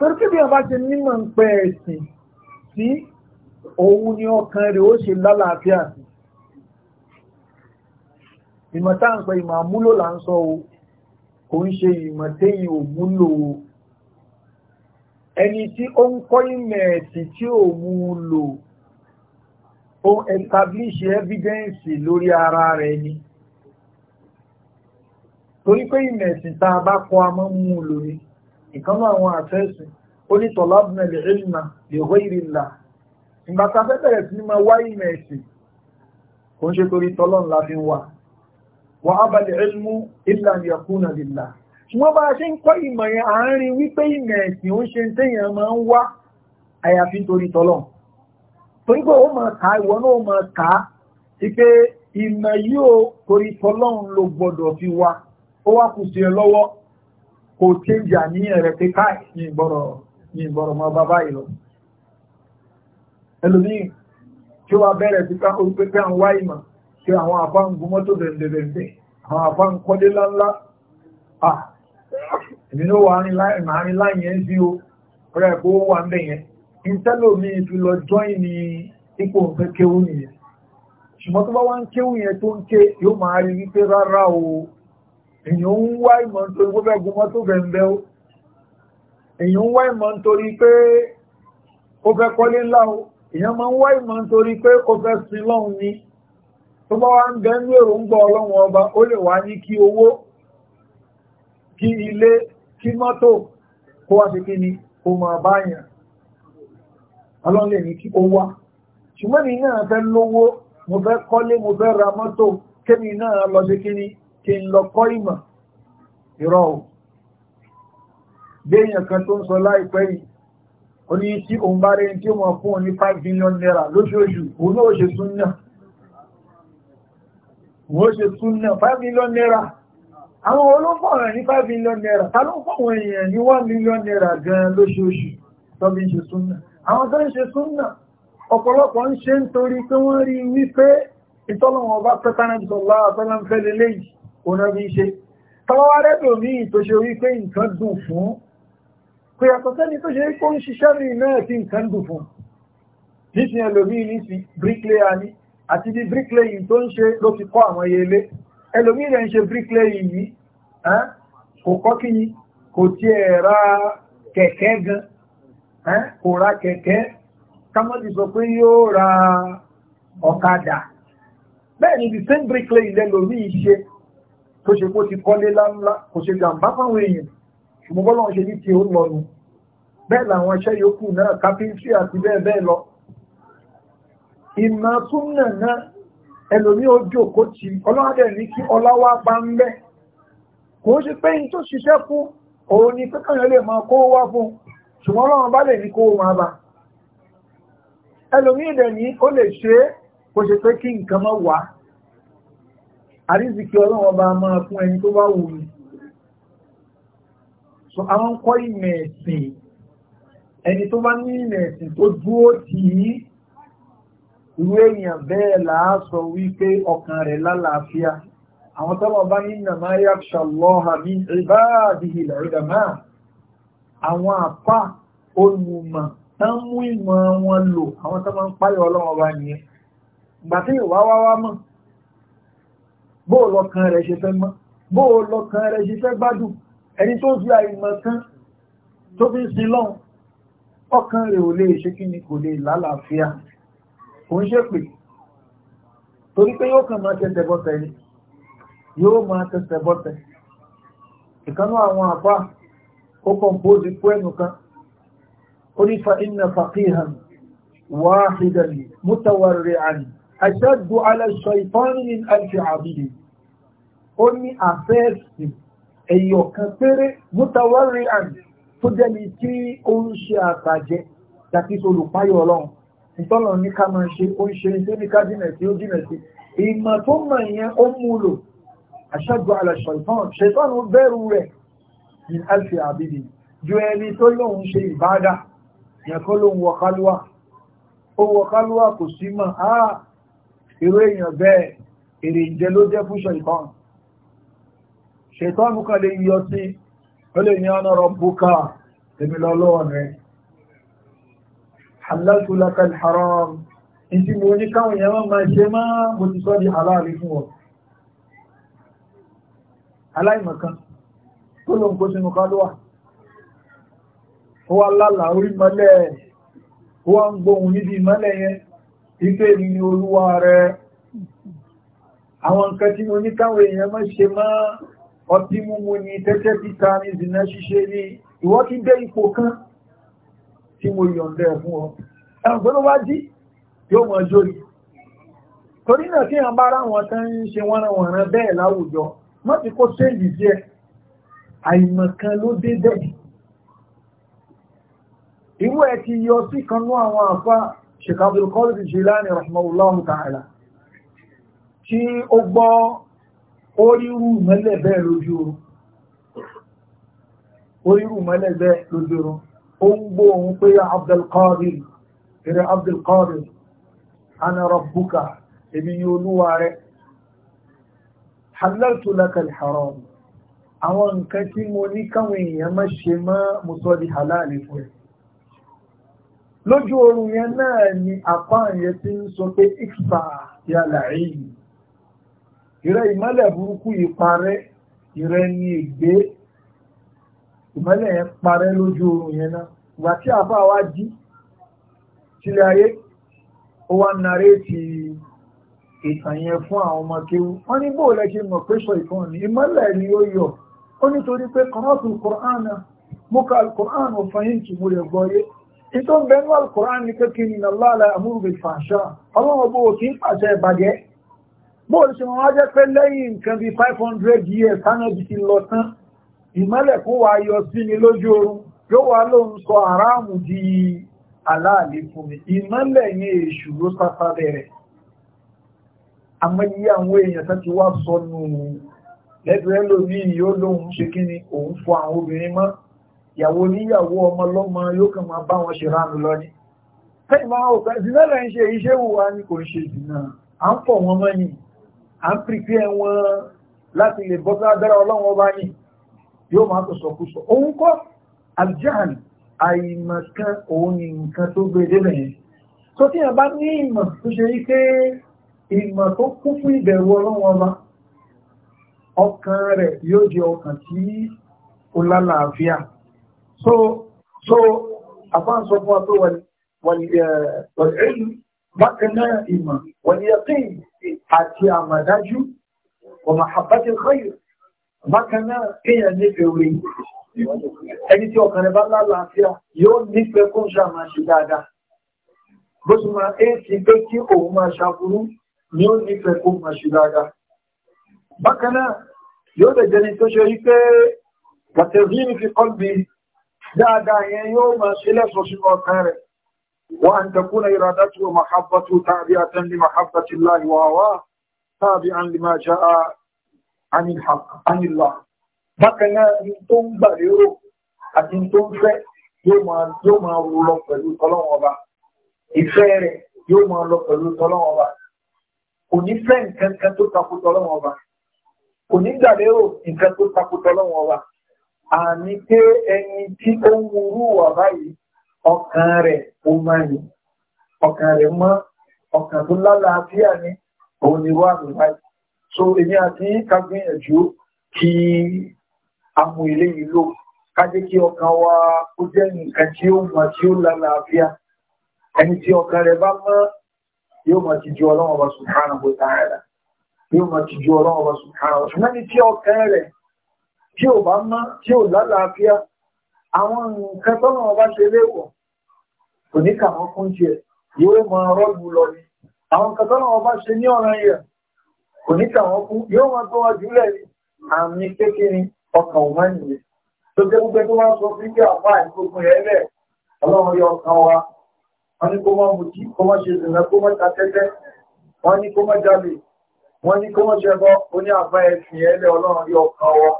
torí kí bí ọba ti nímọ̀ ń pẹ́ ẹ̀sìn sí òun ni ọkàn rẹ̀ ó ṣe lálàáfíà sí ìmọ̀ tá ń pẹ ìmọ̀ àmúlò là ń sọ o kò ń ṣe ìmọ̀ téyìn ò múlò o ẹni tí ó ń kọ́ ìmọ̀ ẹ̀sìn tí ò lò ó establish evidence lórí ara rẹ̀ ni torí pé ìmọ̀ ẹ̀sìn tá a bá kọ́ a mọ́ mú un lò ìkánú àwọn àfẹ́sìn onítọ̀lábùnà lè rìnnà lè hó ìrìnlá ìgbà tá a fẹ́ bẹ̀rẹ̀ sí ní máa wá ìmọ̀ ẹ̀sìn kò ń ṣe torí tọ́lọ́n la fi ń wà wà á balẹ̀ ẹlmú ìlà ní ọkùnà lílà ṣùgbọ́n bá a ṣe ń kọ́ ìmọ̀ yẹn àárín wípé ìmọ̀ ẹ̀sìn ó ń ṣe máa ń wá àyàfi torí tọ́lọ́n torí pé ó máa kà ìwọ náà máa kà sí pé ìmọ̀ yóò torí tọ́lọ́n ló gbọ́dọ̀ fi wá ó wá kù sí ẹ lọ́wọ́ kò tí ń jà ní ẹ̀rẹ̀ pé káì ní ìgbọ̀rọ̀ mọ́ bàbá ìlọ ẹlòmíì tí ó wá bẹ̀rẹ̀ sí ká orí pépé àwọn wá ìmọ̀ tí àwọn àbá ń gún mọ́tò dẹ̀ndẹ̀dẹ̀ àwọn àbá ń kọ́lé láńlá èmi ló wà ní láyìn ẹ́ sí o rẹ̀ kó wà ń tó bá wá ń èyàn ń wá ìmọ̀ nítorí pé fẹ́ gun mọ́tò bẹ̀m̀bẹ̀ o èyàn ń wá ìmọ̀ nítorí pé ó fẹ́ kọ́lé ńlá o èyàn máa ń wá ìmọ̀ nítorí pé ó fẹ́ sin lọ́hùn ni tó bá wá ń bẹ ní èròǹgbà ọlọ́run ọba ó lè wá ní kí owó kí ilé kí mọ́tò kó wá sí kí ni kó máa báyàn ọlọ́run lè ní kí ó wá ṣùgbọ́n ní náà fẹ́ lówó mo fẹ́ kọ́lé mo fẹ́ ra mọ́tò kémi náà lọ sí kí ni kí n lọ kọ́ ìmọ̀ ìrọ̀ ò léèyàn kan tó ń sọ láìpẹ́ yìí ó ní tí òun bá rẹ̀ tí wọ́n fún ní 5 million naira lóṣooṣù òun náà ṣe súnnà wọ́n ṣe súnnà 5 million naira àwọn olóńpọ̀ rẹ̀ ní 5 million naira ta ló ń àwọn èèyàn ní 1 million naira gan lóṣooṣù tó bí ń ṣe súnnà àwọn tó ń ṣe súnnà ọ̀pọ̀lọpọ̀ ń ṣe nítorí pé wọ́n rí wípé ìtọ́lọ̀wọ̀n bá pẹ́tánà jùlọ àtọ́lá lélẹ́yìí ọ̀nà bí ṣe tọ́wọ́ rẹ́dùn ní tó ṣe wí pé nǹkan dùn fún pé yàtọ̀ sẹ́ni tó ṣe kó ń ṣiṣẹ́ rí náà tí nǹkan dùn fún nísìn ẹlòmíì ní ti bricklayer ni àti bí bricklaying tó ń ṣe ló fi kọ́ àwọn yẹlé ẹlòmíì rẹ̀ ń ṣe bricklaying yìí kò kọ́ kí ni kò tiẹ̀ ra kẹ̀kẹ́ gan kò ra kẹ̀kẹ́ kámọ́dì sọ pé yóò ra ọ̀kadà bẹ́ẹ̀ ni the same bricklayer lẹ́lòmíì ṣe tó ṣe kó ti kọ́lé láńlá kò ṣe jàǹbá fáwọn èèyàn ṣùgbọ́n bọ́lá ń ṣe ní ti ó lọ́nu bẹ́ẹ̀ làwọn iṣẹ́ yòókù náà kápẹ́ńtì àti bẹ́ẹ̀ bẹ́ẹ̀ lọ ìmọ̀ súnnà náà ẹlòmí ó jókòó tí ọlọ́dẹ̀ ní kí ọláwà bá ń bẹ́ kò ó ṣe pé yí tó ṣiṣẹ́ fún òun ni pé kàyàn lè máa kó wá fún ṣùgbọ́n ọlọ́run bá lè ní kó máa bá ẹlòmí ìdẹ̀ ní ó lè ṣe kò ṣe pé kí nǹkan máa wà àríṣìkí ọlọ́wọ́ bá máa fún ẹni tó bá wù mí so àwọn kọ́ ìmọ̀ ẹ̀sìn ẹni tó bá ní ìmọ̀ ẹ̀sìn tó dúró tì í irú èèyàn bẹ́ẹ̀ làá wípé ọkàn rẹ̀ lálàáfíà àwọn tọ́lọ̀ bá ní nàmá yaksha Allaha min ibadihi al-ulama àwọn àpá olùmọ̀ tán mú ìmọ̀ wọn lò àwọn tọ́lọ̀ ń páyọ̀ ọlọ́wọ́ bá nìyẹn gbàtí ìwáwáwá mọ̀ bóò lọ́kàn rẹ̀ ṣe fẹ́ mọ́ bóò lọ́kàn rẹ̀ ṣe fẹ́ gbádùn ẹni tó fi àìmọ̀ kan tó fi sin lọ́hùn ọkàn rẹ̀ ò lè ṣe kí ni kò lè lálàáfíà kò ń ṣe pè torí pé yóò kàn máa tẹsẹ̀ bọ́tẹ̀ ni yóò máa tẹsẹ̀ bọ́tẹ̀ ìkanú àwọn àpá ó kọ̀m̀póòdì pẹ́ẹ̀nù kan ó ní fa inna faqihan wahidan mutawarri'an ashaddu ala shaytani min alfi abidi ó ní àfẹ́ẹ̀sì ẹ̀yọ̀ kan péré mutawarri àn tó jẹ́ni tí ó ń ṣe àtàjẹ́ tàbí olùpáyọ̀ ọlọ́run ìtọ́lọ̀ ní ká máa ṣe ó ń ṣe ní sẹ́ni ká jìnà sí ó jìnà sí ìmọ̀ tó mọ̀ irú èèyàn bẹ́ẹ̀ èrè ìjẹ ló jẹ́ fún ṣẹ̀tọ́n ṣẹ̀tọ́n kan lè yọ sí ó lè ní ọ̀nà rọ̀bùkà èmi lọ́lọ́wọ́ rẹ̀ halaltu laka al-haram ìtí mo ní káwọn èèyàn máa máa ṣe máa mo ti sọ́ di halali fún ọ aláìmọ̀kan tó ló ń kó sínú kálúwà ó wá lálàá orí mọ́lẹ̀ ó wá ń gbóhun níbi ìmọ́lẹ̀ yẹn ìpé ni olúwa rẹ̀ àwọn nǹkan tí mo ní káwọn èèyàn mọ́ ṣe mọ́ ọtí múmu ni tẹ́tẹ́ títa ní ìzìnà ṣíṣe ní ìwọ́ ti dé ipò kan tí mo yọ̀ǹdẹ̀ fún ọ ẹ̀rùn tó ló wá dí yóò mọ̀ jórí torí náà tí a bá ráwọn tán ń ṣe wọ́nranwọ̀nran bẹ́ẹ̀ láwùjọ wọ́n ti kó séèjì díẹ̀ àìmọ̀kan ló dé bẹ́ẹ̀ ìwọ́ ẹ ti yọ sí kan ní àwọn àfáà Sheikh Abdul Qadir Jilani rahimahullahu ta'ala tí ó gbọ́ oríru mẹ́lẹ̀ bẹ́ẹ̀ lójú oorun oríru mẹ́lẹ̀ bẹ́ẹ̀ lójú oorun ó ń gbọ́ òun pé Abdul Qadir eré Abdul Qadir ana rabbuka èmi ni olúwa rẹ̀ halaltu laka al àwọn nǹkan tí mo ní káwọn èèyàn má ṣe mọ́ mo di halal fún ẹ̀ lójú oorun yẹn náà ni àpáàn yẹn ti ń sọ pé ìfà yàrá yìí ìrẹ́ ìmọ́lẹ̀ burúkú yìí parẹ́ ìrẹ́ ni ègbé ìmọ́lẹ̀ yẹn parẹ́ lójú oorun yẹn náà ìgbà tí àbá wa jí sílẹ̀ ayé ó wá naréètì ìtàn yẹn fún àwọn ọmọ kéwú wọ́n ní bóòlẹ́ ṣe mọ̀ pé sọ ìkan ní ìmọ́lẹ̀ ni ó yọ ó nítorí pé kọ́nọ́tù kọ́ránà mú ka kọ́ránà fàyíǹtì mo lè gbọ́ ìtò bẹnu alkùnrán ní kékeré ní aláàlá àmúrùgbé fàṣà ọlọ́wọ́ bó kí ń pàṣẹ ìbàjẹ́ bó ṣe wọn wá jẹ́ pé lẹ́yìn nǹkan bíi five hundred years tánàbí ti lọ tán ìmọ́lẹ̀ kó wa yọ sí ni lójú oorun yóò wá lóun sọ àràmù di aláàlè fún mi ìmọ́lẹ̀ yẹn èṣù ló sáfá bẹ̀rẹ̀ àmọ́ àwọn èèyàn tó ti wá sọnù lẹ́gbẹ̀ẹ́ lómi yóò lóun ṣe kí ni òun fọ àwọn obìnrin mọ́ ìyàwó oníyàwó ọmọ lọ́mọ yóò kàn máa bá wọn ṣe ránu lọ ní tẹ́yìn máa ọ̀pẹ́ ìdílé rẹ̀ ń ṣe iṣẹ́ wùwá ní kò ń ṣe ìdìnà à ń pọ̀ wọn mọ́ yìí à ń pèpè wọn láti lè bọ́ sábẹ́rẹ́ ọlọ́wọ́n bá yìí yóò máa tó sọkúsọ òun kọ́ àjáàlì àìmọ̀kan òun ni nǹkan tó gbé débẹ̀ yẹn tó tí yẹn bá ní ìmọ̀ tó ṣe yí ìmọ̀ tó kún fún ìbẹ̀rù ọlọ́wọ́n bá ọkàn rẹ̀ yóò jẹ ọkàn tí ó lálàáfíà so so àfáà sọ fún wa pé wàlẹ́ẹ̀lú eh, bákan náà ìmọ̀ wàlẹ́ẹ̀kìn àti àmàdájú ọmọ àbájẹ kọ́yọ̀ bákan náà kéèyàn nífẹ̀ẹ́ orí ẹni tí ọkàn rẹ̀ bá lálàáfíà yóò nífẹ̀ẹ́ kó ń ṣàmà ṣe dáadáa bó ti máa é sí pé kí òun máa ṣàbúrú ni ó nífẹ̀ẹ́ kó máa ṣe dáadáa bákan náà yóò lè jẹni tó ṣe rí pé wàtẹ̀rí ní fi kọ́ bíi dáadáa yẹn yóò máa ṣe lẹ́sọ̀ sínú ọkàn rẹ̀ wà ń takún na ìrádá tí ó mahabbatu tàbí àtàn lè mahabbati láì wàwá tàbí an lè máa jáà anìlá bákan náà ní tó ń gbà lérò àti tó ń fẹ́ yóò máa rú lọ pẹ̀lú tọ́lọ́wọ́n ọba ìfẹ́ rẹ̀ yóò máa lọ pẹ̀lú tọ́lọ́wọ́n ọba kò ní fẹ́ nǹkan kan tó takò tọ́lọ́wọ́n ọba kò ní gbà lérò nǹkan tó takò tọ́lọ́wọ́n ọba àní pé ẹni tí ó ń wúrú wà báyìí ọkàn rẹ̀ ó máa ní ọkàn rẹ̀ mọ́ ọkàn tó lálàáfíà ní òun ni wà ní báyìí so èmi àti kágbìyànjú kí a mú ilé yìí lò kájé kí ọkàn wa ó jẹ́ nǹkan tí ó mọ̀ tí ó lálàáfíà ẹni tí ọkàn rẹ̀ bá mọ́ yóò mọ̀ ti ju ọlọ́run ọba subhanahu wa ta'ala yóò mọ̀ ti ju ọlọ́run ọba subhanahu wa ṣùgbọ́n ní tí ọkàn rẹ̀ tí ò bá mọ́ tí ò lálàáfíà àwọn nǹkan tọ́nà ọba ṣe léwọ̀ kò ní kà wọ́n fún tiẹ̀ yóò mọ rọ́ọ̀bù lọ ni àwọn nǹkan tọ́nà ọba ṣe ní ọ̀ràn yẹ̀ kò ní kà wọ́n fún yóò mọ tó wá jùlẹ̀ ni àmì kékeré ọkàn ò máa nìyẹn tó jẹ́ gbogbo tó máa sọ fún kí àwọn àìgbógun rẹ̀ bẹ̀ ọlọ́run yọ ọkàn wa wọ́n ní kó má mutí kó má ṣe zìnà kó má ta wọ́n ní kó má jalè wọ́n ní kó má ṣẹbọ ó ní àbá ẹ̀sìn ẹ̀lẹ́ ọlọ́run yọ ọkàn wa.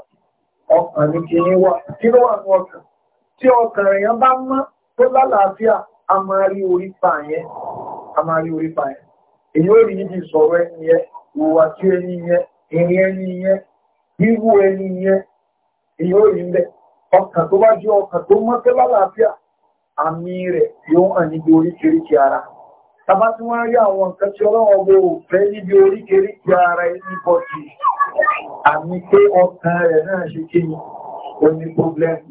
ọkàn ní kí ní wà kí ló wà ní ọkàn tí ọkàn èèyàn bá mọ́ tó lálàáfíà a máa rí orí pa yẹn a máa rí orí pa yẹn èyí ò rí níbi ìsọ̀rọ̀ ẹni yẹn ìwà tí ẹni yẹn ìrìn ẹni yẹn wíwú ẹni yẹn èyí ò rí níbẹ̀ ọkàn tó bá jẹ́ ọkàn tó tó àmì pé ọkàn rẹ̀ náà ṣe kí ni ó ní pọ́blẹ́mù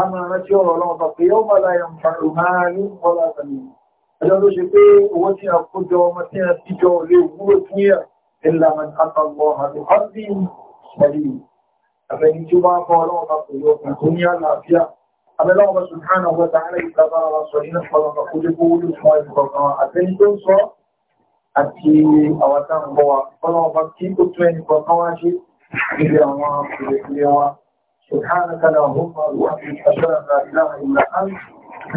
a máa rántí ọ̀rọ̀ ọlọ́run bá pé yóò máa láyà ń fa ìmáàrí ọlá àtàlẹ̀ ẹjọ́ ló ṣe pé owó tí a kó jọ ọmọ tí a ti jọ lè wúlò fún yà ìlànà àtàlọ́ àti ọ́dín pẹ̀lú àbẹ̀ni tí ó bá fọ́ ọlọ́run bá pẹ̀lú ọkàn tó ní àlàáfíà àbẹ̀lọ́run bá sùn àti àwọn tá ń bọ̀ wa kọ́lọ́ ọba kí ó tún ẹnì kọ̀ọ̀kan wá ṣe níbi àwọn kèrèkèrè wa سبحانك اللهم وبحمدك اشهد ان لا اله الا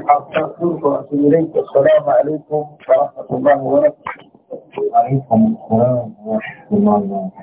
انت استغفرك واتوب اليك السلام عليكم ورحمه الله وبركاته وعليكم السلام ورحمه الله وبركاته